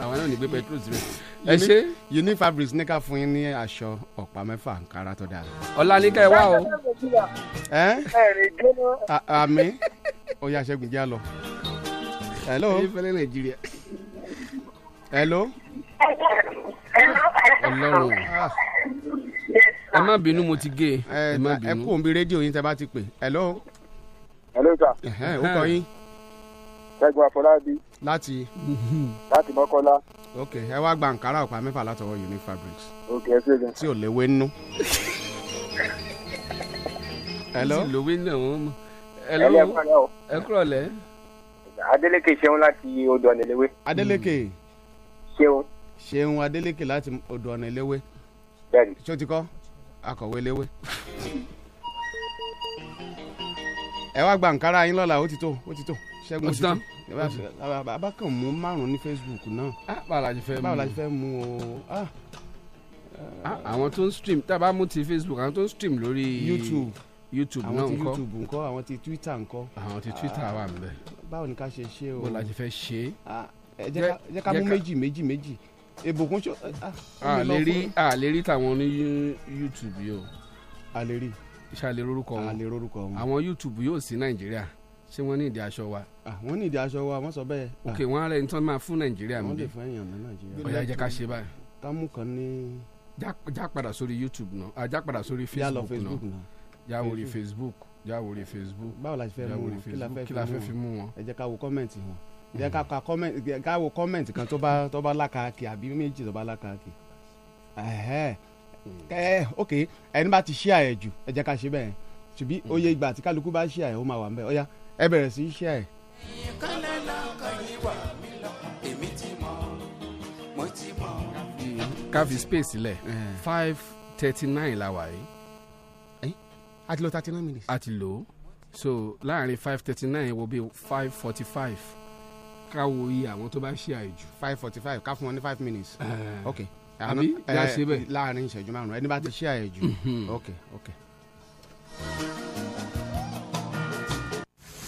àwọn náà ní gbé petrol síbẹ̀ ẹ ṣe. unique fabric ní ká fún yín ní aṣọ ọ̀pá mẹ́fà nkárá tó dára. ọ̀la ní kẹ́ ẹ wá o. ẹ àmì oyè aṣẹ́gun jẹ́ lọ. hello. ẹyin fẹ́lẹ́ nàìjíríà. hello. ọlọ́run ah. ẹ má bínú mo ti gé e. ẹ kú òun bí rédíò yín tẹ bá ti pè. hello. hello sir. ó kọ yín ṣẹ́gun àfọlábí. láti. Mhm. láti mọ́kọ́lá. ok ẹ wá gba nkárà ọ̀pá mẹ́fà látọwọ́ unique fabrics. ok ẹ ṣe gan. tí ò léwé nínú. hello. tí lówé náà wọ́n mọ̀. hello ẹ kúrọ̀ lẹ́. adeleke ṣeun láti odò ọ̀nà adeleke. Hmm. ṣeun. ṣeun adeleke láti odò ọ̀nà bẹ́ẹ̀ni. ṣé o ti kọ́ akọ̀wé eléwé. ẹ wá gba nkárà yín lọ́la ó ti tó ó ti tó ṣẹ́gun ti tán abákan mú márùn ní facebook náà. Ah, báwo la ṣe fẹ́ mú báwo la ṣe fẹ́ mú o. Ah. Ah, àwọn tó ń stream tá a bá mú ti facebook àwọn tó ń stream lórí. youtube youtube náà ńkọ́ àwọn ti youtube ńkọ́ àwọn ti twitter ńkọ́. àwọn ti twitter wà ńbẹ̀. báwo ni ká ṣe ṣe o. bó la ṣe fẹ́ ṣe. jẹ́ ká mú méjì méjì méjì ìbùkún ṣó. a lè rí a lè rí tàwọn ní youtube yìí o. a lè rí. ṣàlè orúkọ wọn. a lè orúkọ wọn. àwọn youtube yóò sí nàìjíríà ṣé wọ́n ní ìdí aṣọ wa. Ah, wọ́n ní ìdí aṣọ wa wọ́n sọ bẹ́ẹ̀. Ah. ok wọ́n á rẹ̀ ní tí wọ́n máa fún nàìjíríà mi dé. wọ́n lè fún èèyàn ní nàìjíríà. ó yá jẹ́ ká ṣe báyìí. támù kan ní. já padà sórí youtube náà ah, já padà sórí facebook náà já orí facebook já orí facebook. báwo la ṣe fẹ́ mú wọn kí la fẹ́ fi mú wọn. ẹ jẹ́ ká wo kọ́mẹ̀ntì wọn ẹ hmm. jẹ́ ká wo kọ́mẹ̀ntì kan tó bá lákàkì àbí méjì tó bá lákàkì ẹ ok ẹni bá ti ṣí àyẹ̀ jù ẹ jẹ́ ká ṣe bẹ́ẹ̀ ṣùgbọ́n oyè ìgbà tí kálukú bá ṣí àyẹ̀ ó máa wà ń bẹ́ẹ̀ ó ẹ bẹ̀rẹ̀ sí í ṣe ẹ̀. Mm-hmm. ká fi space sílẹ̀ eh. five thirty nine la wà yìí. Eh? a ti lò thirty nine minutes. a ti lò ó so láàrin five thirty nine wo bí five forty five ká wo iye àwọn tó bá ṣe àìjù. five forty five ká fún wọn ní five minutes. Uh, okay àbí yà ṣe bẹ́ẹ̀. láàrin ìṣẹ́jú márùn-ún ẹni bá ti ṣe àyẹ̀jù. Mm-hmm. ok ok.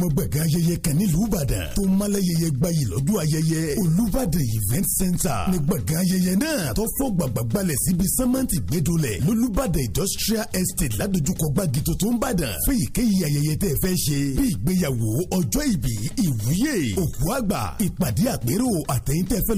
mọ gbẹ̀gà ayẹyẹ kan nílùú ìbàdàn tó máláyẹyẹ gbayì lọ́dún ayẹyẹ olùbàdàn event center ní gbẹ̀gà ayẹyẹ náà tó fọ́ gbàgbàgbalẹ̀ síbi sẹ́mẹ́ǹtì gbẹdọ̀lẹ̀ lọ́lùbàdàn industrial estate ládojúkọ gbági tuntun ìbàdàn fún èyíkéyìí ayẹyẹ tẹ́ fẹ́ ṣe bí ìgbéyàwó ọjọ́ ìbí ìwúyè òkú àgbà ìpàdé àpérò àtẹ̀yìntẹ́ fẹ́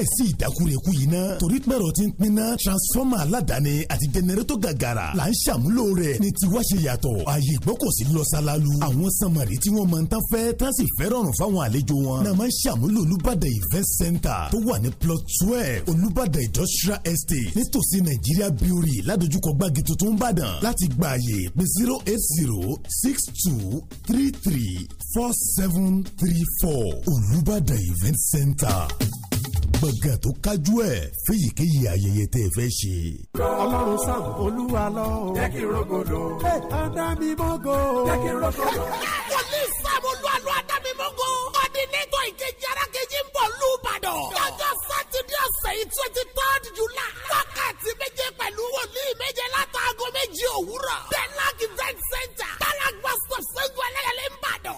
láìsí ìdákúrekú yìí ná torí pẹ̀rọ ti ń pinná transformer aládàáni àti jẹnẹrétọ̀ gàgàrà là ń ṣàmúlò rẹ̀ ní tiwa ṣe yàtọ̀ ààyè ìgbọ́kọ̀sí lọ sálálu àwọn samari tí wọ́n máa ń tán fẹ́ tá sì fẹ́ rọrùn fáwọn àlejò wọn náà máa ń ṣàmúlò olùbàdàn event center tó wà ní plot twelve olùbàdàn industrial estate nítòsí nàìjíríà brewery ládojúkọ gbági tuntun ìbàdàn láti gba ààyè pé zero eight zero six two three three four seven three four olùbàdàn event center gbọ̀ngàn tó kájú ẹ̀ fẹ́yìkéyìí ayẹyẹ tẹ́ ẹ fẹ́ ṣe. ọlọ́run sáà olúwa lọ. jẹ́ kí n rògbòdò. ọ̀dà mi mọ́gò. jẹ́ kí n rògbòdò. wòlíì sáà olúwa lọ ọ̀dà mi mọ́gò. ọ̀dìnẹ́gọ̀ ìkejì arákejì ń bọ̀ lùbàdàn. lọ́jọ́ sátidé ọ̀sẹ̀ yìí twenty third july. wákàtí méje pẹ̀lú wòlíì méje látàgọ́ méje òwúrọ̀. bẹ́ẹ̀ event center. tálàgbà stop sẹ́gun ẹlẹ́yẹlẹ́ ń bàdàn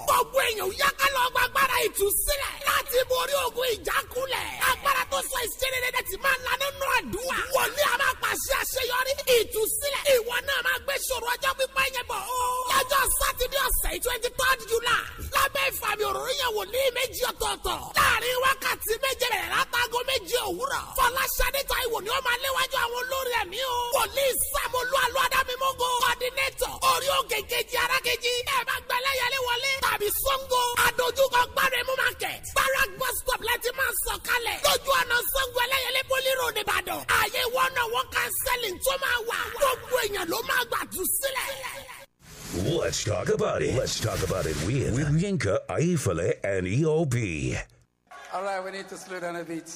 ìtúsílẹ̀ láti borí ogun ìjákulẹ̀. agbára tó sọ ìṣẹ́rẹ́rẹ́ dẹ̀ ti máa ń la nù àdúrà. wòlíì a máa pàṣẹ àṣeyọrí ìtúsílẹ̀. ìwọ náà máa gbé ṣòro ọjọ́ pípẹ́ yẹn bọ̀ o. lọ́jọ́ sátidé ọ̀sẹ̀ twenty third july lábẹ́ ìfàmì òróró yẹn wòlíì méjì ọ̀tọ̀ọ̀tọ̀. láàrin wákàtí méje bẹ̀rẹ̀ látago méje òwúrọ̀. fọláṣadé Táíwò ni ó máa léwájú àwọn olórí ẹ̀mí o. wòlíì sàmúlò alúwadámímógó. kọ́dínétọ̀ orí òkè kejì arákejì. ẹ máa gbẹ́lẹ́yẹlé wọlé tàbí sọ́ngó. adójúkọ gb market. barak bus stop láti sọ kalẹ̀. lójú ọ̀nà Ṣàngó ẹlẹ́yẹlé bolíro nìbàdàn. ààyè wọn náà wọn kan sẹ́lìn tó máa wà. gbogbo èèyàn ló máa gbà sílẹ̀. Let's talk about it. Let's talk about it with, with Yinka, Aifale, and EOB. All right, we need to slow down a bit.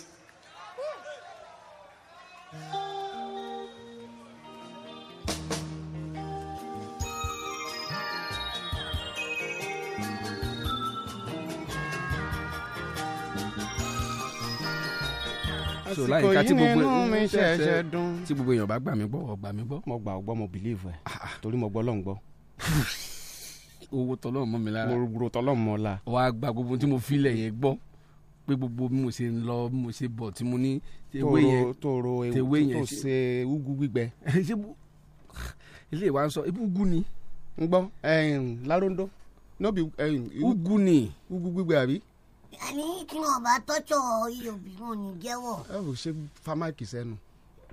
so láyé ká tí gbogbo inú mi ṣẹ̀ṣẹ̀ dùn. tí gbogbo èèyàn bá gbà mí gbọ́ ọ̀gbà mi gbọ́. mo gbà ọgbọ́ mo bìlíìfù ẹ̀ ah, ah. torí mo gbọ́ lọ́n gbọ́. owó tọ́lọ́run mọ́ mi lára. mo ro tọ́lọ́run mọ́ la. wà á gba gbogbo tí mo filẹ̀ yẹn gbọ́ pé gbogbo bí mo ṣe ń lọ bí mo ṣe bọ̀ tí mo ní. tòrò tòrò ewu tó ṣe ugu gbígbẹ. ilé ìwà ń sọ ebi ugu ni. ń gbọ́ larondo. ugu ni. ugu gbígbẹ àbí ní tí wọn bá tọ́jọ́ iye obìnrin ò ní jẹ́wọ́. ẹ ò ṣe fa máìkì sẹ́nu.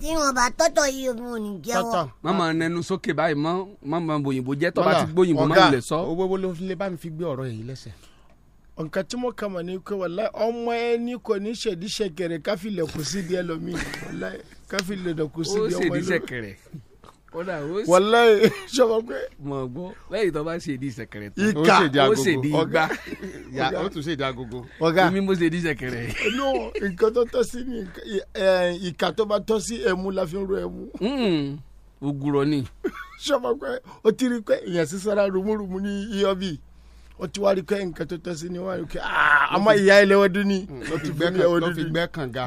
tí wọn bá tọ́jọ́ iye obìnrin ò ní jẹ́wọ́. tọ́tọ̀ mọ̀mọ́ ah. nẹnu sókè báyìí mọ́ mọ̀mọ́ bòyìnbó jẹ́ tọ́ba ti gbóyìnbó máa ń lè sọ. owó wo ló bá mi fi gbé ọ̀rọ̀ yìí lẹ́sẹ̀. nǹkan tí mo kà mọ̀ ní pé wàlá ọmọ ẹni kò ní ṣèdíṣẹ̀kẹ̀rẹ̀ káfílẹ̀ kù sí díẹ̀ lómi káfílẹ̀ kù sí díẹ̀ kódà ó sì. wọlé sọmọ pé. mọ̀ gbọ́ lẹ́yìn tó bá ṣe di sẹ̀kẹ̀rẹ̀ tán. ìka ó ṣe ya ó tún ṣe agogo. ọ̀gá mi mo ṣe di no nǹkan tó tọ́ sí ni ìka tó bá tọ́ sí ẹmu la fi ń ro ẹmu. ògùrọ̀ ni. sọmọ pé o ti rí pé ìyẹn sísára rumurumu ní iyọ́bì o ti wá rí pé tó tọ́ sí ni wọ́n á rí ah, ọmọ ìyá ẹlẹ́wọ̀n dún mm, ni. ló fi gbẹ́ kànga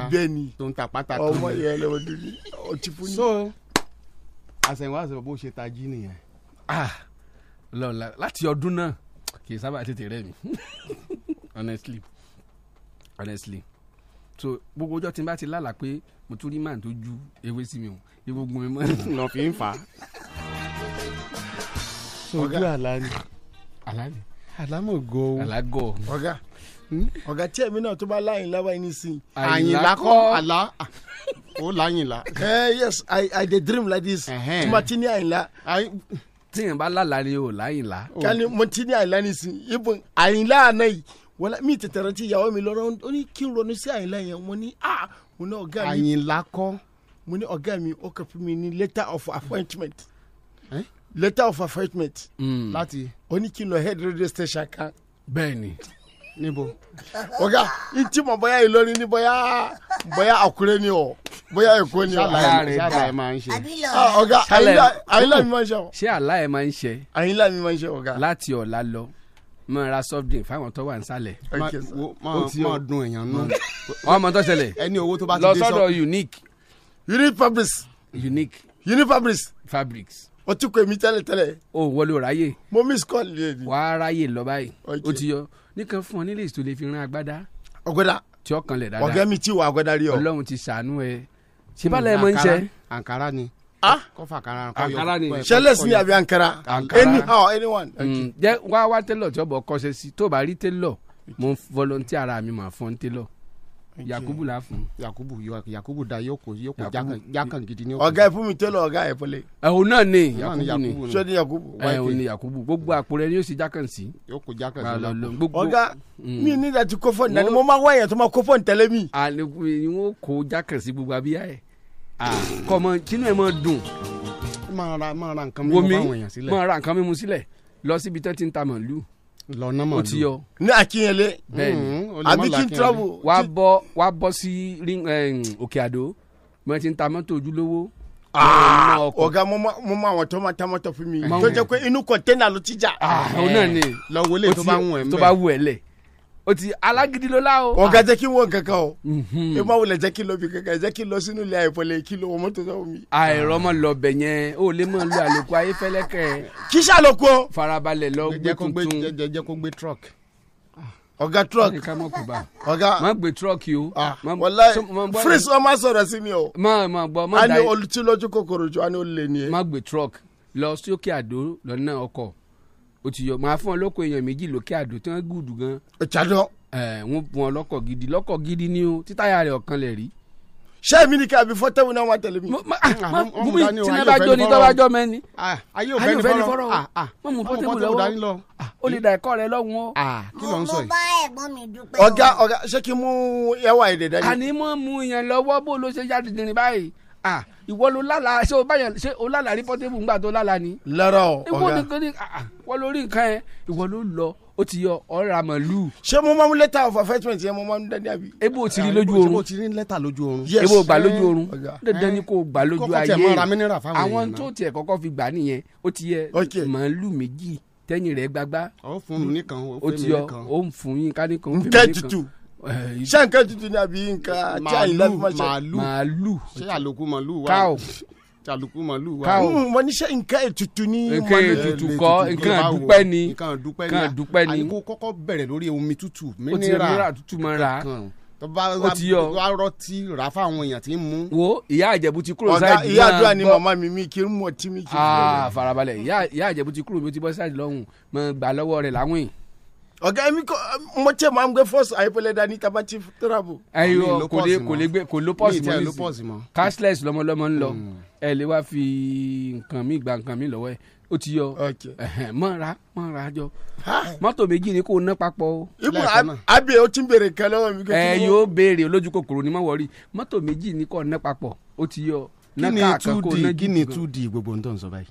tó ń ta pátá tó ń bẹ̀. ọmọ ìyá ẹlẹ́wọ̀n dún o ti fún ni. so àsẹ̀yìnwá àsẹ̀yìnwá bó ṣe tají nìyẹn. Ah, lọ́la láti ọdún náà kì í sábà tètè rẹ̀ mi honestly honestly so gbogbo ọjọ́ tí n bá ti lálàá pé mo tún rí màá tó ju ewé sí mi o egungun mi mọ́. lọ fi ń fà á. ojú àlá ni. àlá ni. àlá mọ̀ gọ́ o. àlá gọ́ ọ̀gá ọ̀gá tí ẹ̀mí náà tó bá láyìn lábàá ẹni àyìnlá kọ́ àlá o la yin eh, la. yes i i dey dream like this. tumatini àyìnlá. tíyẹn bá lálàá ni o láyìn la. kani mo ti ní àyìnlá ni sin ibùn àyìnlá àná yìí wọlé mi tètè rántí ìyàwó mi lọ́rọ́ ó ní kí n ronú sí àyìnlá yẹn mo ní a ah, mo ní ọ̀gá mi. àyìnlá kọ́. mo ní ọ̀gá mi ó kàn fún mi ní letter of appointment. Eh? letter of appointment. Hmm. láti. ó ní kí n head radio station kan. bẹ́ẹ̀ni níbo ọgá ntí mọ bóyá Ìlọrin ni bóyá bóyá Àkúrẹ́ ni ọ bóyá Èkó ni ọ. ṣé àlàyé máa ń ṣe. ọgá ah, àyínlá mi máa ń ṣe. ṣé àlàyé máa ń ṣe. àyínlá mi máa ń ṣe ọgá. láti ọ̀la lọ máa ra soft drink fáwọn tó wà nísàlẹ̀. máa dun èèyàn nù. ọmọ tó ṣẹlẹ̀. ẹni owó tó bá ti dé sọ. lọ sọ́dọ̀ unique. unique fabrics. unique. unique fabrics. fabrics o ti kọ èmi tẹ́lẹ̀ tẹ́lẹ̀. o wọlé o mo miss call yẹn ni. wàá ráyè lọ báyìí. o ti yọ nìkan fún ọ nílé ìsòtò lè fi ran agbádá. ọ̀gbẹ́dà tí ó kanlẹ̀ dáadáa ọ̀gẹ́ mi ti wà ọ̀gbẹ́dà rí ọ. ọlọ́run ti ṣàánú ẹ. ṣèbálẹ̀ mọ̀ ń jẹ. àǹkárá ni. ah àǹkárá ni. ṣẹlẹ̀sì ni àbí àǹkárá. anyhow anyone. Mm. jẹ́ wá wá télọ̀ tí ó bọ̀ kọ́ṣẹ́ sí tó bá rí télọ̀ mo volunteer ara mi mà fún télọ̀ yakubu la fún. yakubu yakubu da Yoko, Yoko, yóò kó jákàn gidi ni. ọ̀gá ẹ fún mi tẹ́lọ̀ ọ̀gá ẹ fọlẹ́. ẹ o náà ni yakubu ni sọ ni yakubu. ẹ o ni yakubu gbogbo àpòrẹ ni yóò sì jákàn sí. yóò kó jákàn sí. ọ̀gá mm. mi ní láti kó fọ́ọ̀nù náà ni mo máa wáyà tó máa kó fọ́ọ̀nù tẹ́lẹ̀ mi. àlekún ni wọn kó jákàn sí gbogbo abíyá ẹ kọmọ tinú ẹ máa dùn. máa ra nǹkan mímu sílẹ̀. lọ síbi tán ń ta màlúù lọ́nà màlúù ó ti yọ. ní Akínyẹlé bẹ́ẹ̀ni hmm, àbí kí n travel. wà á bọ wà á bọ sí eh, Òkè Àdó mo ti ń ta mọ́tò ojúlówó. Ah, ọ̀gá mo máa wọ̀n tó máa ta mọ́tò fún mi tó jẹ́ pé inú kọ̀ńténà ló ti jà. Ah, òun náà ni lọ wọlé tó bá wù ẹ́ lẹ̀ o ti alágídí ló o. wọn ka jẹ kí n wọ nǹkan o. e mhm. ma kí n lọ bi kankan kí n lọ sínú ilé kí n lọ mi. lọ o lè mọ lo àlòkù ayé fẹ́lẹ́kẹ̀. kí sàlòkù o. lọ gbé tuntun. jẹ́ kó gbé truck ah, ọ̀gá truck ọ̀gá má gbé truck yìí o. fris ah, má sí mi o. má má má dá yìí. a ní olùtí lójú kòkòrò jù a ní ni. má gbé truck lọ sókè àdó ọkọ̀ o ti yọ máa fún ọ lọ́kọ̀ èèyàn méjì lókè àdó tí wọ́n gùdù gan. ìtàjọ. ẹ wọn fún ọ lọ́kọ̀ gidi lọ́kọ̀ gidi ni o títáyà rẹ ọ̀kan lẹ rí. ṣé mi ni kí àbí fọ́tẹ́wù náà wà tẹ̀lé mi. mú mi sinmi bá jó ni tó bá jọ mẹ́ni. Ah, ayé ò bẹ́ni fọ́rọ̀ mọ́ ah, ah. mú fọ́tẹ́wù lọ́wọ́ o lè da ẹ̀kọ́ rẹ lọ́hùn mo bá ẹ̀gbọ́n mi dúpẹ́. ọ̀gá ọ̀gá ṣé kí mú ẹwà èdè dání. àní mo mú yẹn lọ́wọ́ bó ló ṣe jáde dìrín báyìí ah ìwọ ló lálà ṣé o báyọ̀ ṣé o lálà rí ńgbà tó lálà ni. lọ́rọ̀ ọ̀gá ìwọ ni kò ní ìwọ ló nǹkan yẹn ìwọ ló lọ ó ti yọ ọ̀rọ̀ àmọ̀lù. ṣé mo máa ń lẹ́tà of affectment yẹn mo máa ń dání àbí. ebo ò ti rí lójú oorun. ebo ò ti rí lẹ́tà lójú oorun. yes ebo ò gbà lójú oorun dandan ni kò gbà lójú ayé àwọn tó tiẹ̀ kọ́kọ́ fi gbà nìyẹn ó ti yẹ màálù méjì tẹ́yìn rẹ̀ gbagbá. ó fún mi nìkan ó fún mi nìkan. ó ti yọ ó fún yín ká nìkan fún mi nìkan. Eh, ṣé nǹkan tuntun ni àbí nǹkan tí àyìnlá fi ṣe. màálù màálù ṣé àlòkù màálù wà. káwò àlòkù màálù wà. káwò hmm, mo ní ṣe nǹkan ètùtù ni. nǹkan ètùtù kọ́ nǹkan àdúpẹ́ ni nǹkan àdúpẹ́ ni. àyíkó kọ́kọ́ bẹ̀rẹ̀ lórí omi tútù mínírà tútù máa ra tó bá wá rọtí rà fáwọn èèyàn tí ń mú. wo ìyá àjẹbù ti kúrò sáà ìdí náà ìyá àdúrà ni màmá mi mi kí n mú ọtí mi kí n bọ̀. farabalẹ̀ ìyá àjẹbù ti kúrò mi ti bọ́ sáà lọ́hùn-ún mo gbà lọ́wọ́ rẹ̀ láwìn ọ̀gá mi kọ́ mo tẹ́ máa ń gbé fọ́ọ̀sì àyẹ̀pẹ̀lẹ̀ dání taba ti travel. ayiwa kò lè kò lè gbé kò ló pọ́ọ̀sì mọ́ cashless lọ́mọlọ́mọ ń lọ hmm. ẹ lè wá fi nǹkan mi gba nǹkan mi lọ́wọ́ ẹ̀ ó ti yọ mọ́ra mọ́ra jọ mọ́tò méjì ni kò ná papọ̀ o. ibu abe o ti béèrè kan lọ́wọ́ mi. ẹ yóò béèrè olójú kòkòrò ni mo wọ̀rí mọ́tò méjì ni kò ná papọ̀ ó ti yọ. kí ni two d kí ni two d gbogbo n tó báyìí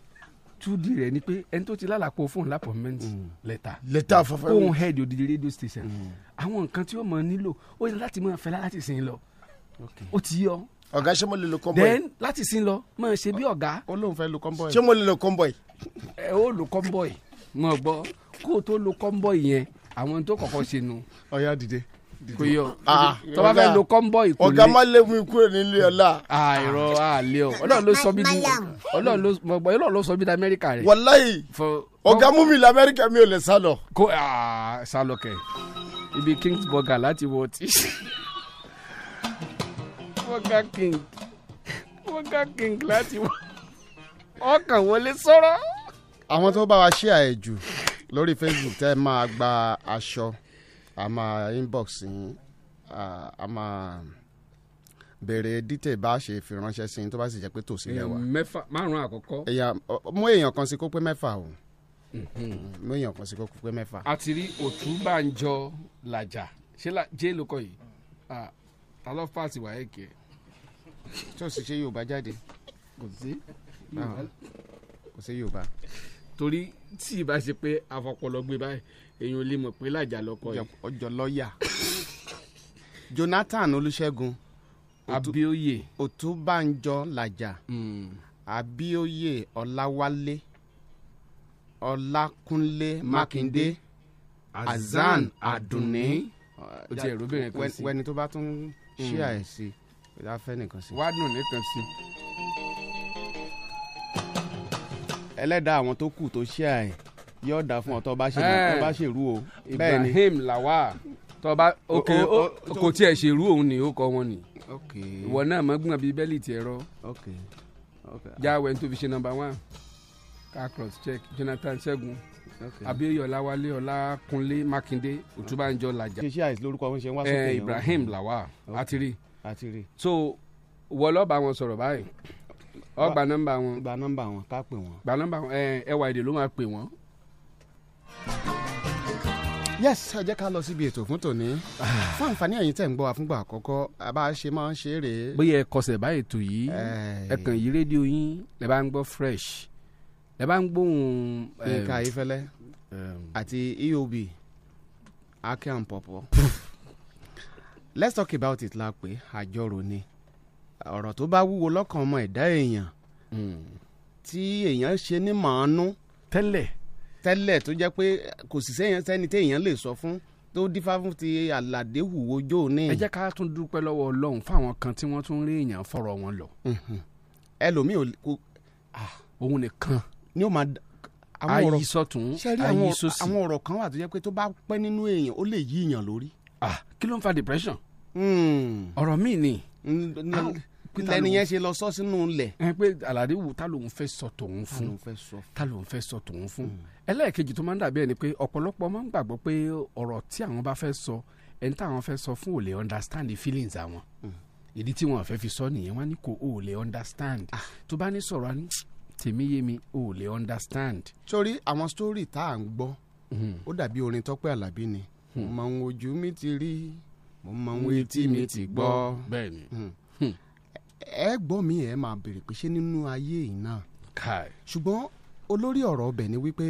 túdì rẹ̀ ni pé ẹni tó ti lálàpọ̀ fóun lápọ̀mẹ́ǹt lẹ́tà lẹ́tà fọfẹ́ òun head odidi radio station mm. àwọn nǹkan tí ó mọ̀ nílò ó yẹ láti máa fẹ́ láti sìn lọ ó ti yọ. ọ̀gá ṣé mo lè lo convoy. then láti sìn lọ máa ṣe bí ọ̀gá. ó lóun fẹ́ lo convoy. ṣé mo lè lo convoy. ẹ ó lo convoy mọ̀ gbọ́ kó o tó lo convoy yẹn àwọn tó kọ́kọ́ ṣe nu. ọ̀ya dìde kò yọ ah, ah. tó bá fẹ́ lo kọ́ńbọ̀ ìkólé. ọ̀gá má lé mi kúrò nílé ọ̀la. àìrọ àlẹ́ o ọlọ́run ló sọ bí di ọlọ́run ló mọ̀ ọlọ́run ló sọ bí di amẹ́ríkà rẹ̀. wàláyé ọ̀gá mú mi lamẹ́ríkà mi ò lè sá lọ. kó ah, sá lọ kẹ ibi king's burger láti wọ tí. burger king burger king láti wọ ọkàn wọlé sọ̀rọ̀. àwọn tó bá wa ṣí àyè jù lórí facebook tẹ́ máa gba aṣọ a máa inbox yín a máa béèrè dítè bá ṣe fi ránṣẹ́ sí i tó bá sì jẹ́ pé tòsí lẹ́wà. Eh, mẹ́fà márùn-ún àkọ́kọ́. ẹ̀yà mú èèyàn kan sí kó pé mẹ́fà o mm-hmm. mú èèyàn kan sí kó pé mẹ́fà. a ti rí Ọ̀túnbànjọ làjà ṣé jẹ́ ló kọ yìí ta ló fà sí wàá èkè. ṣọ́ọ̀ṣì ṣe Yorùbá jáde. kò sí Yorùbá. Ah, kò sí Yorùbá. torí tí ì bá ṣe pé afọpọlọ gbé báyìí èyàn ò lè mọ̀ pé làjà lọkọ yìí. ọjọ́ lọ́ọ̀yà Jonathan Olúṣẹ́gun Abíóyè Ọ̀túnbànjọ làjà hmm. Abíóyè Ọláwálé Ọlákúnlé Mákindé Azan Adùnní. o ti ẹ̀rọ obìnrin kan sí. wẹni tó bá tún ṣí àìsí ìdáfẹ́ nìkan sí. wádùn nìkan sí ẹlẹ́dàá àwọn tó kù tó ṣíà ẹ̀ yóò dà fún ọ tó bá ṣèlú o. Ibrahim Lawal tó ok kò tiẹ̀ ṣèlú òun ni ó kọ wọn ni ìwọ náà mọ gbọ́n bíi bẹ́ẹ̀lì tiẹ̀ rọ jáwé tó fi ṣe nọ́mbà one ká check Jonathan Ṣẹ́gun Abíọ́lá Wálé Ọlákúnlé Mákindé Ọ̀túnbànjọ Làjà. ṣe Ibrahim Lawal àtìrí so wọ lọ wọn sọ̀rọ̀ báyìí ọ gba wọn. gba nọ́mbà wọn ká pè wọn. gba nọ́mbà wọn ẹ ẹwà èdè ló máa pè wọn yes ẹ jẹ́ ká lọ síbi ètò fún tòní ah. fún àǹfààní ẹ̀yin tẹ̀ ń gbọ́ wa fúngbà àkọ́kọ́ àbá ṣe máa ń ṣe é rèé. bóyá ẹ kọsẹ̀ bá ètò yìí ẹ kàn yí rédíò yín lẹ bá ń gbọ́ fresh lẹ bá ń gbóhùn. nǹka ayífẹ́lẹ́ àti eob akẹ́ and pọ̀pọ̀ let's talk about it la pé àjọrò ni ọ̀rọ̀ tó bá wúwo lọ́kàn ọmọ ẹ̀dá èèyàn hmm. tí èèyàn ṣe ní màánú. tẹ́lẹ̀ tẹ́lẹ̀ tó jẹ́ pé kò sì sẹ́ni téèyàn lè sọ fún tó dífá fún ti àlàdé hùwò jò ní. ẹ jẹ́ ká tún dúpẹ́ lọ́wọ́ ọlọ́run fáwọn kan tí wọ́n tún rí èèyàn fọ̀rọ̀ wọn lọ. ẹlòmíì ò kò. òun nìkan. ni ó máa àwọn ọ̀rọ̀ ayi sọ̀tún ayi sọ̀sì. àwọn ọ̀rọ̀ kan wà tó jẹ́ pé tó bá pẹ́ nínú èèyàn ó lè yí èèyàn lórí. kí ló ń fa depression. Hmm. ọ̀rọ̀ míì ni lẹni yẹn ṣe lọ sọ sínú ilẹ̀. ẹ pé àlàdé wù tá lòun fẹ́ sọ tòun fún tá lòun fẹ́ sọ tòun fún. ẹlẹ́ẹ̀kejì tó máa ń dàbí ẹni pé ọ̀pọ̀lọpọ̀ máa ń gbàgbọ́ pé ọ̀rọ̀ tí àwọn bá fẹ́ sọ ẹni táwọn fẹ́ sọ fún ò lè understand the feelings àwọn. Hmm. ìdí tí wọn fẹ́ fi sọ nìyẹn wọn ní kò ò lè understand ah. tó bá ní sọ̀rọ̀ ni tèmi yé mi ò lè understand. torí àwọn story tá à ń gbọ́ hmm. ó dàbí orin Tọ́pẹ́ Àlàbí ni hmm. mo máa ń wojú mi ti rí mo máa ń wo etí mi ti gbọ́ bẹ́ẹ̀ ni ẹ gbọ́ mi ẹ máa bèrè pé ṣé nínú ayé yìí náà ṣùgbọ́n olórí ọ̀rọ̀ ọbẹ̀ ni wípé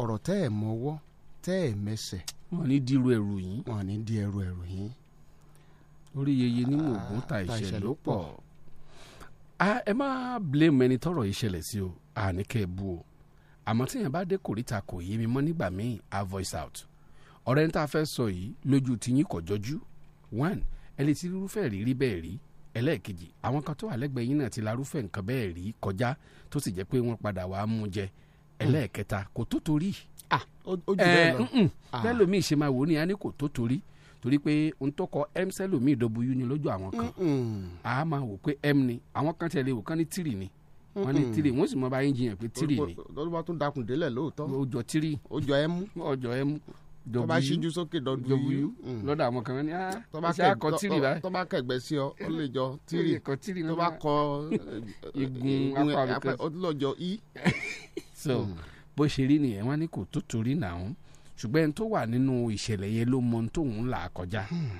ọ̀rọ̀ tẹ́ ẹ̀ mọ́wọ́ tẹ́ ẹ̀ mẹsẹ̀. wọn ní di ẹrù ẹrù yín. wọn ní di ẹrù ẹrù yín. orí yeye ní oògùn ah, ta ìṣẹ̀lẹ̀ ló pọ̀. Ah, ẹ má blame ẹni tọ́rọ̀ yìí sí o àní kẹ́ bú o àmọ́ tíyẹn bá dé kòríta kò yé mi mọ́ nígbà míì i voice out ọ̀rẹ́ ní tá a sọ yìí lójú tiyín kò one ẹ lè ti rírí bẹ́ẹ̀ rí ẹlẹ́ẹ̀kejì àwọn kan tó wà lẹ́gbẹ̀ẹ́ yín náà ti larúfẹ́ nǹkan bẹ́ẹ̀ rí kọjá tó sì jẹ́ pé wọ́n padà wàá mú jẹ ẹlẹ́ẹ̀kẹta kò tó torí bẹ́ẹ̀ lómi eh, ṣe máa wò ní kò tó torí torí pé n tó kọ m sẹ́lòmí ìdọ̀bù yú ni lójú àwọn kan a máa wò pé m ni àwọn kan tẹ̀lé wò kán ní tìrì ni wọ́n ní tírì wọ́n sì mọ bá yín jiyàn pé tírì ni. lọ́dún bá tún dakùn délẹ̀ lóòótọ́. ó jọ tírì. ó jọ ẹmu. ó jọ ẹmu w tọba ṣíjú sókè w mm. lọ́dọ̀ àwọn kan ní iṣẹ́ akọ tírì báyìí tọba kẹgbẹ́ sí ọ ó lè jọ tírì tọba kọ eh, igun apá ó i. so mm. bó ṣe rí nìyẹn wọn ní kò tó torí náà ṣùgbọ́n ẹni tó wà nínú ìṣẹ̀lẹ̀ yẹn ló mọ ohun tóun là kọjá hmm.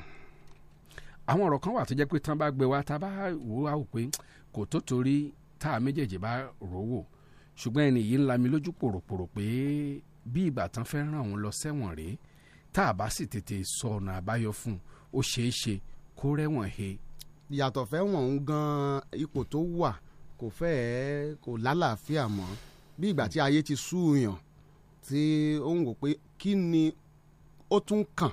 àwọn ọ̀rọ̀ kan wà tó jẹ́ pé tán bá gbé wa tá a bá wò wá wò pé kò tó torí tá a méjèèjì bá rò wò ṣùgbọ́n ẹni yìí ń lami lójú pòròpòrò pé bí ìgbà tán fẹ́ ràn òun lọ sẹ́wọ̀n rèé tá a bá sì tètè sọ ọ̀nà àbáyọ fún un ó ṣeé ṣe kó rẹ́wọ̀n he. yàtọ̀ fẹ́ wọ̀n ń gan ipò tó wà kò fẹ́ẹ́ kò lálàáfíà mọ́ bí ìgbà tí ayé ti súùyàn tí ó ń wò pé kí ni ó tún kàn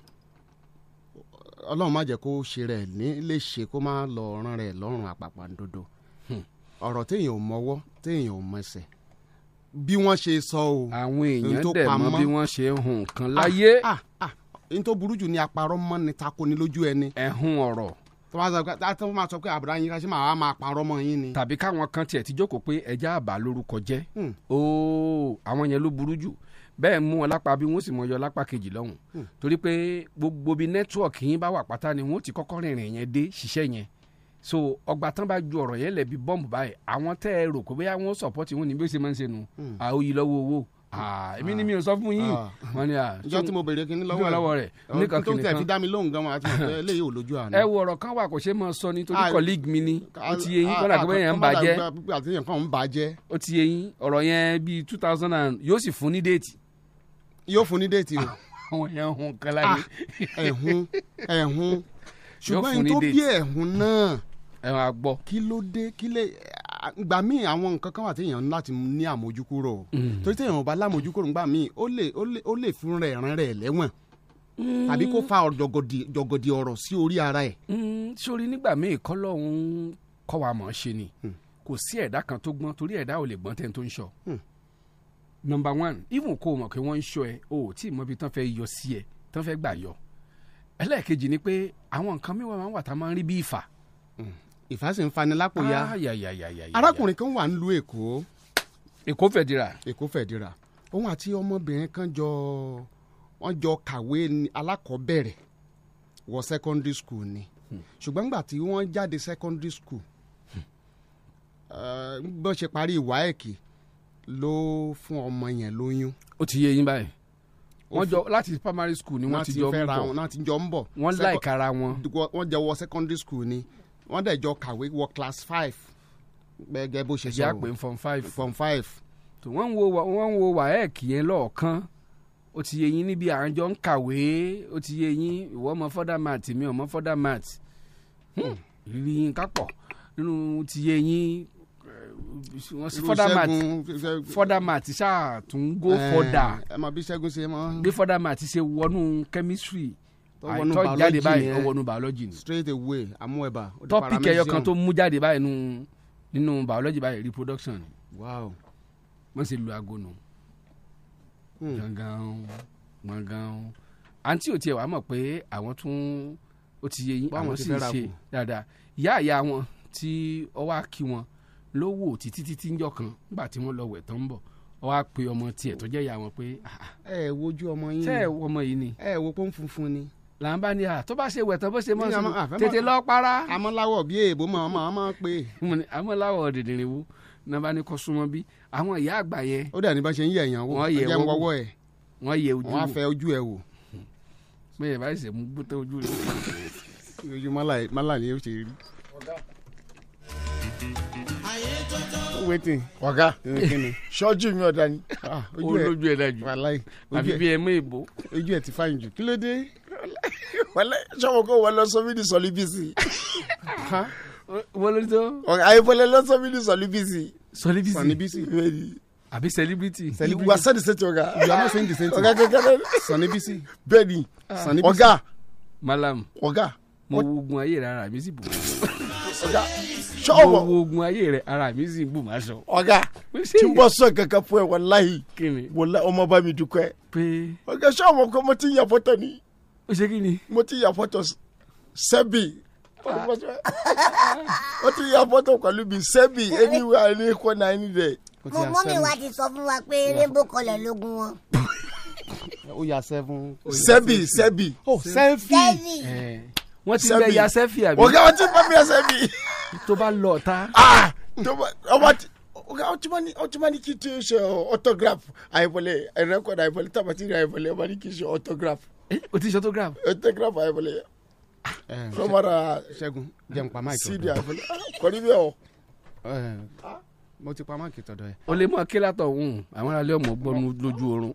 ọlọ́run má jẹ́ kó ṣe rẹ̀ ní lè ṣe kó má lọ rán rẹ̀ lọ́rùn àpàpàǹdodo hmm. ọ̀rọ̀ téèyàn ò mọwọ́ téèyàn ò mẹsẹ̀ bí wọ́n ṣe sọ o. àwọn èèyàn dẹ̀ mọ bí wọ́n ṣe hùn kan ah, láyé. Ah, ah, n tó burú jù ni àparọ́ mọ́ ni takoni lójú ẹni. ẹ̀hún ọ̀rọ̀ tó máa sọ pé àbúrò yín kásí màá máa parọ́ mọ́ yín ni. tàbí káwọn kan tiẹ̀ ti jókòó pé ẹja àbá lórúkọ jẹ́ ooo hmm. àwọn yẹn ló burú jù bẹ́ẹ̀ mú wọn lápá bí wọ́n sì mọ yọ lápá kejì lọ́hùn hmm. torí pé gbogbo bí nẹ́tíwọ̀kì yín bá wà pátá ni wọ́n ti kọ́kọ́ rìnrìn yẹn dé ṣiṣẹ́ yẹn so ọgbà tán bá ju ọ̀rọ̀ yẹn lẹ̀bi bọ́ǹbù báyìí àwọn tẹ́ ẹ rò pé bóyá wọ́n sọ̀pọ̀tì wọn ni bí ó ṣe máa ń ṣe nu hmm. àòyì lọ́wọ́ owó èmi ni mi ò sọ fún yín ah. wọn ni à. ìjọ tí mo béèrè kí ni lọ́wọ́ rẹ̀ nìkan kìnìkan tó tẹ̀ fi dá mi lóhùn gan-an àti màtí eléyìí ò lójú àná. ẹ wo ọ̀rọ̀ kan wà kò ṣe máa sọ nítorí ah, colleague mi ni ah, ó ti yé yín kọ́dà gbẹ́yìn ń bàjẹ́ ó ti yé yín ọ̀rọ̀ yẹn bíi two thousand and yóò sì fún ní déètì. yóò fún ní déètì o. àwọn yẹn ń hun kálá yìí. ẹ̀hún ẹ̀hún ṣùgbọ́n ní tó bí ẹ̀hún náà ẹ máa gbọ́. kí ló dé kí lè gbà mí àwọn nǹkan kan wà téèyàn ń láti ní àmójúkúrò o mm. torí téèyàn ò bá lámójúkúrò ńgbà míì ó lè ó lè fún rẹ̀ rán rẹ̀ lẹ́wọ̀n mm. tàbí kó fa jọ̀gọ̀dì ọ̀rọ̀ sí orí ara ẹ̀. Mm. sórí nígbà míì kọ́lọ́hún kọ́ wa mọ̀ ọ́ ṣe ni kò sí ẹ̀dá kan tó gbọ́n torí ẹ̀dá ò lè gbọ́n tẹ́ni tó ń sọ. number one even kó o mọ̀ pé wọ́n ń sọ ẹ o ò tí ì mọ̀ bí tán fẹ́ yọ sí ẹ tán fẹ́ gbà yọ. ẹlẹ́ẹ̀kejì ni pé àwọn nǹkan mìíràn máa ń wà tá a máa ń rí bí ìfà ìfà sì ń fani lápò ya arákùnrin kan wà ń lu èkó. èkó fẹ̀dìrà. èkó fẹ̀dìrà òun àti ọmọbìnrin kan jọ wọ́n jọ kàwé alákọ̀ọ́bẹ̀rẹ̀ wọ secondary school ni hmm. ṣùgbọ́n nígbà tí wọ́n jáde secondary school hmm. eh, bó ṣe parí WAEC ló fún ọmọ yẹn lóyún. ó ti yé yín báyìí wọ́n jọ láti primary school ni wọ́n ti jọ ń bọ̀ wọ́n láìkara wọn. wọ́n jọ wọ secondary school ni wọ́n dẹ̀ jọ kàwé wọ class five gbẹgẹ bó ṣe sọ ìyá pé form five form five. tó wọ́n ń wo wọ́n ń wo waec yẹn lọ́ọ̀kan ó ti yẹ yín níbi à ń jọ ń kàwé ó ti yẹ yín ìwọ ọmọ further math mi ọmọ further math hmm, ìrírí yín kápọ̀ nínú ti yẹ yín eh, wọ́n sí further math further math ṣáà tún go further eh, bí further math ṣe wọnú chemistry tó jáde báyìí ó wọnú biology ni straight away amúẹ̀bà. topic ẹyọ kan tó mú jáde báyìí nínú nínú biology báyìí reproduction wow. wọ́n sì lu aago nù. Hmm. gangan gangan àǹtí ò tiẹ̀ wá mọ̀ pé àwọn tún ó ti yẹ yín àwọn sì ń ṣe dáadáa ìyá ìyá wọn tí ó wá kí wọn ló wò títí títí ń jọ kan nígbà tí wọ́n lọ wẹ̀ tán ń bọ̀ ọ wá pe ọmọ tiẹ̀ tó jẹ́ ìyá wọn pé. Ah, ah, ah. ẹ wojú ọmọ yín ni ẹ wo ọmọ ni là ń bá ní à tó bá ṣe wẹ̀ tán bó ṣe mọ́ sí tètè lọ para. amọ́láwọ̀ bíi èèbó máa máa máa pè. amọ́láwọ̀ dìndìnrín wo náà bá ní kó súnmọ́ bí àwọn ìyá àgbà yẹn. ó dà ní bá ṣe ń yẹ èèyàn wò ọjọ́ ń wọ́wọ́ ẹ̀ wọ́n yẹ ojú wò wọ́n á fẹ ojú ẹ̀ wò. bẹ́ẹ̀ bá ṣe mú gbótó ojú rẹ̀. ojú mọ́là ni ó ṣe rí. wetin. ọ̀gá ṣọ́jú mi ọ̀dà ni. Ah, olójú ẹ̀ dájú àbí bí ẹ mọ èbó. ojú ẹ̀ ti fáyìn jù kí ló dé sọmọ kó wọ́n lọ sọ́mi ní sọ́lí bísí. wọ́n ló ní tó. àyè fọlẹ́ lọ sọ́mi ní sọ́lí bísí. sọ́lí bísí celebrity. celebrity wa sẹ́ni sẹ́ni ọ̀gá. you are not saying the same thing. ọ̀gá kẹ́kẹ́ sọ́ni bísí. bẹ́ẹ̀ni ah. sọ́ni bísí. Oga. malam. ọ̀gá. mo wo oògùn ayé rẹ ara mi sì bù. ọ̀gá sọ́ọ̀bọ̀. mo wo oògùn ayé rẹ ara mi sì bù máa sọ. ọ̀gá tí n bọ́ sọ kankan fún ẹ wàláhì. kí ni. ọmọ bá mi dúpẹ́. pé. ọ̀gá sọ́ọ̀bọ̀ kọ́ mo ti yàn fọ́tọ̀ ni o ṣe kí ni. mo ti ya fọ́tò sẹ́bì o ti ya fọ́tò pẹ̀lú bíi sẹ́bì anywhere ní kò náà ní dẹ̀. mo mọ́mí wa ti sọ fún wa pé rainbow colour lógún wọn. ó ya seven. sẹ́bì sẹ́bì. oh sẹ́fì wọ́n ti bẹ ya sẹ́fì àbí. ọ̀gá wọn ti bá ya sẹ́fì. tó bá lọ ta. ah tó bá ọba ti ọtumani ọtumani kì í ṣe autograph àyẹ̀fọ́lẹ̀ rẹ́kọ̀dì àyẹ̀fọ́lẹ̀ tàbátì àyẹ̀fọ́lẹ̀ ọba ni kì í ṣe autograph. Eh? o ti photograph. o ti photograph ayé fọlẹ yẹ sọmọdà Ṣẹ́gun jẹun pa máìkì ọdọ cd àfọlẹ kọrí bí ọ. mo ti pa máìkì tọdọ yẹ. Ah. o lè mú akílátọ ọhún àwọn aráàlú ọmọ gbọnu lójú oorun.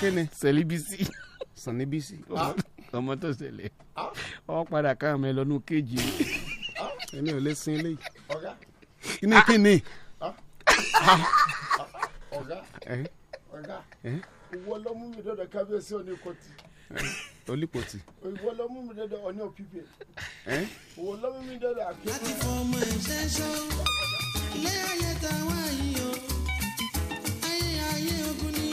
kíni. sani sanibisi. ọmọ tó ṣẹlẹ̀ ọ ah. padà káwọn mẹ lọnù kejì. Ah. èmi ò lè sin eléyìí. kíni kíni ọ̀gá eh? ọ̀gá eh? ìwọ mi dọ́dọ̀ kábíyèsí òní kòtì. Eh, olùkòtì. ìwọ mi dọ́dọ̀ ọ̀ní òpìpè. ìwọ mi dọ́dọ̀ àkẹ́kọ̀ọ́. láti fọmọ ẹ̀ṣẹ́ sọ ilé ayé tàwa o ayé ayé ogun ni.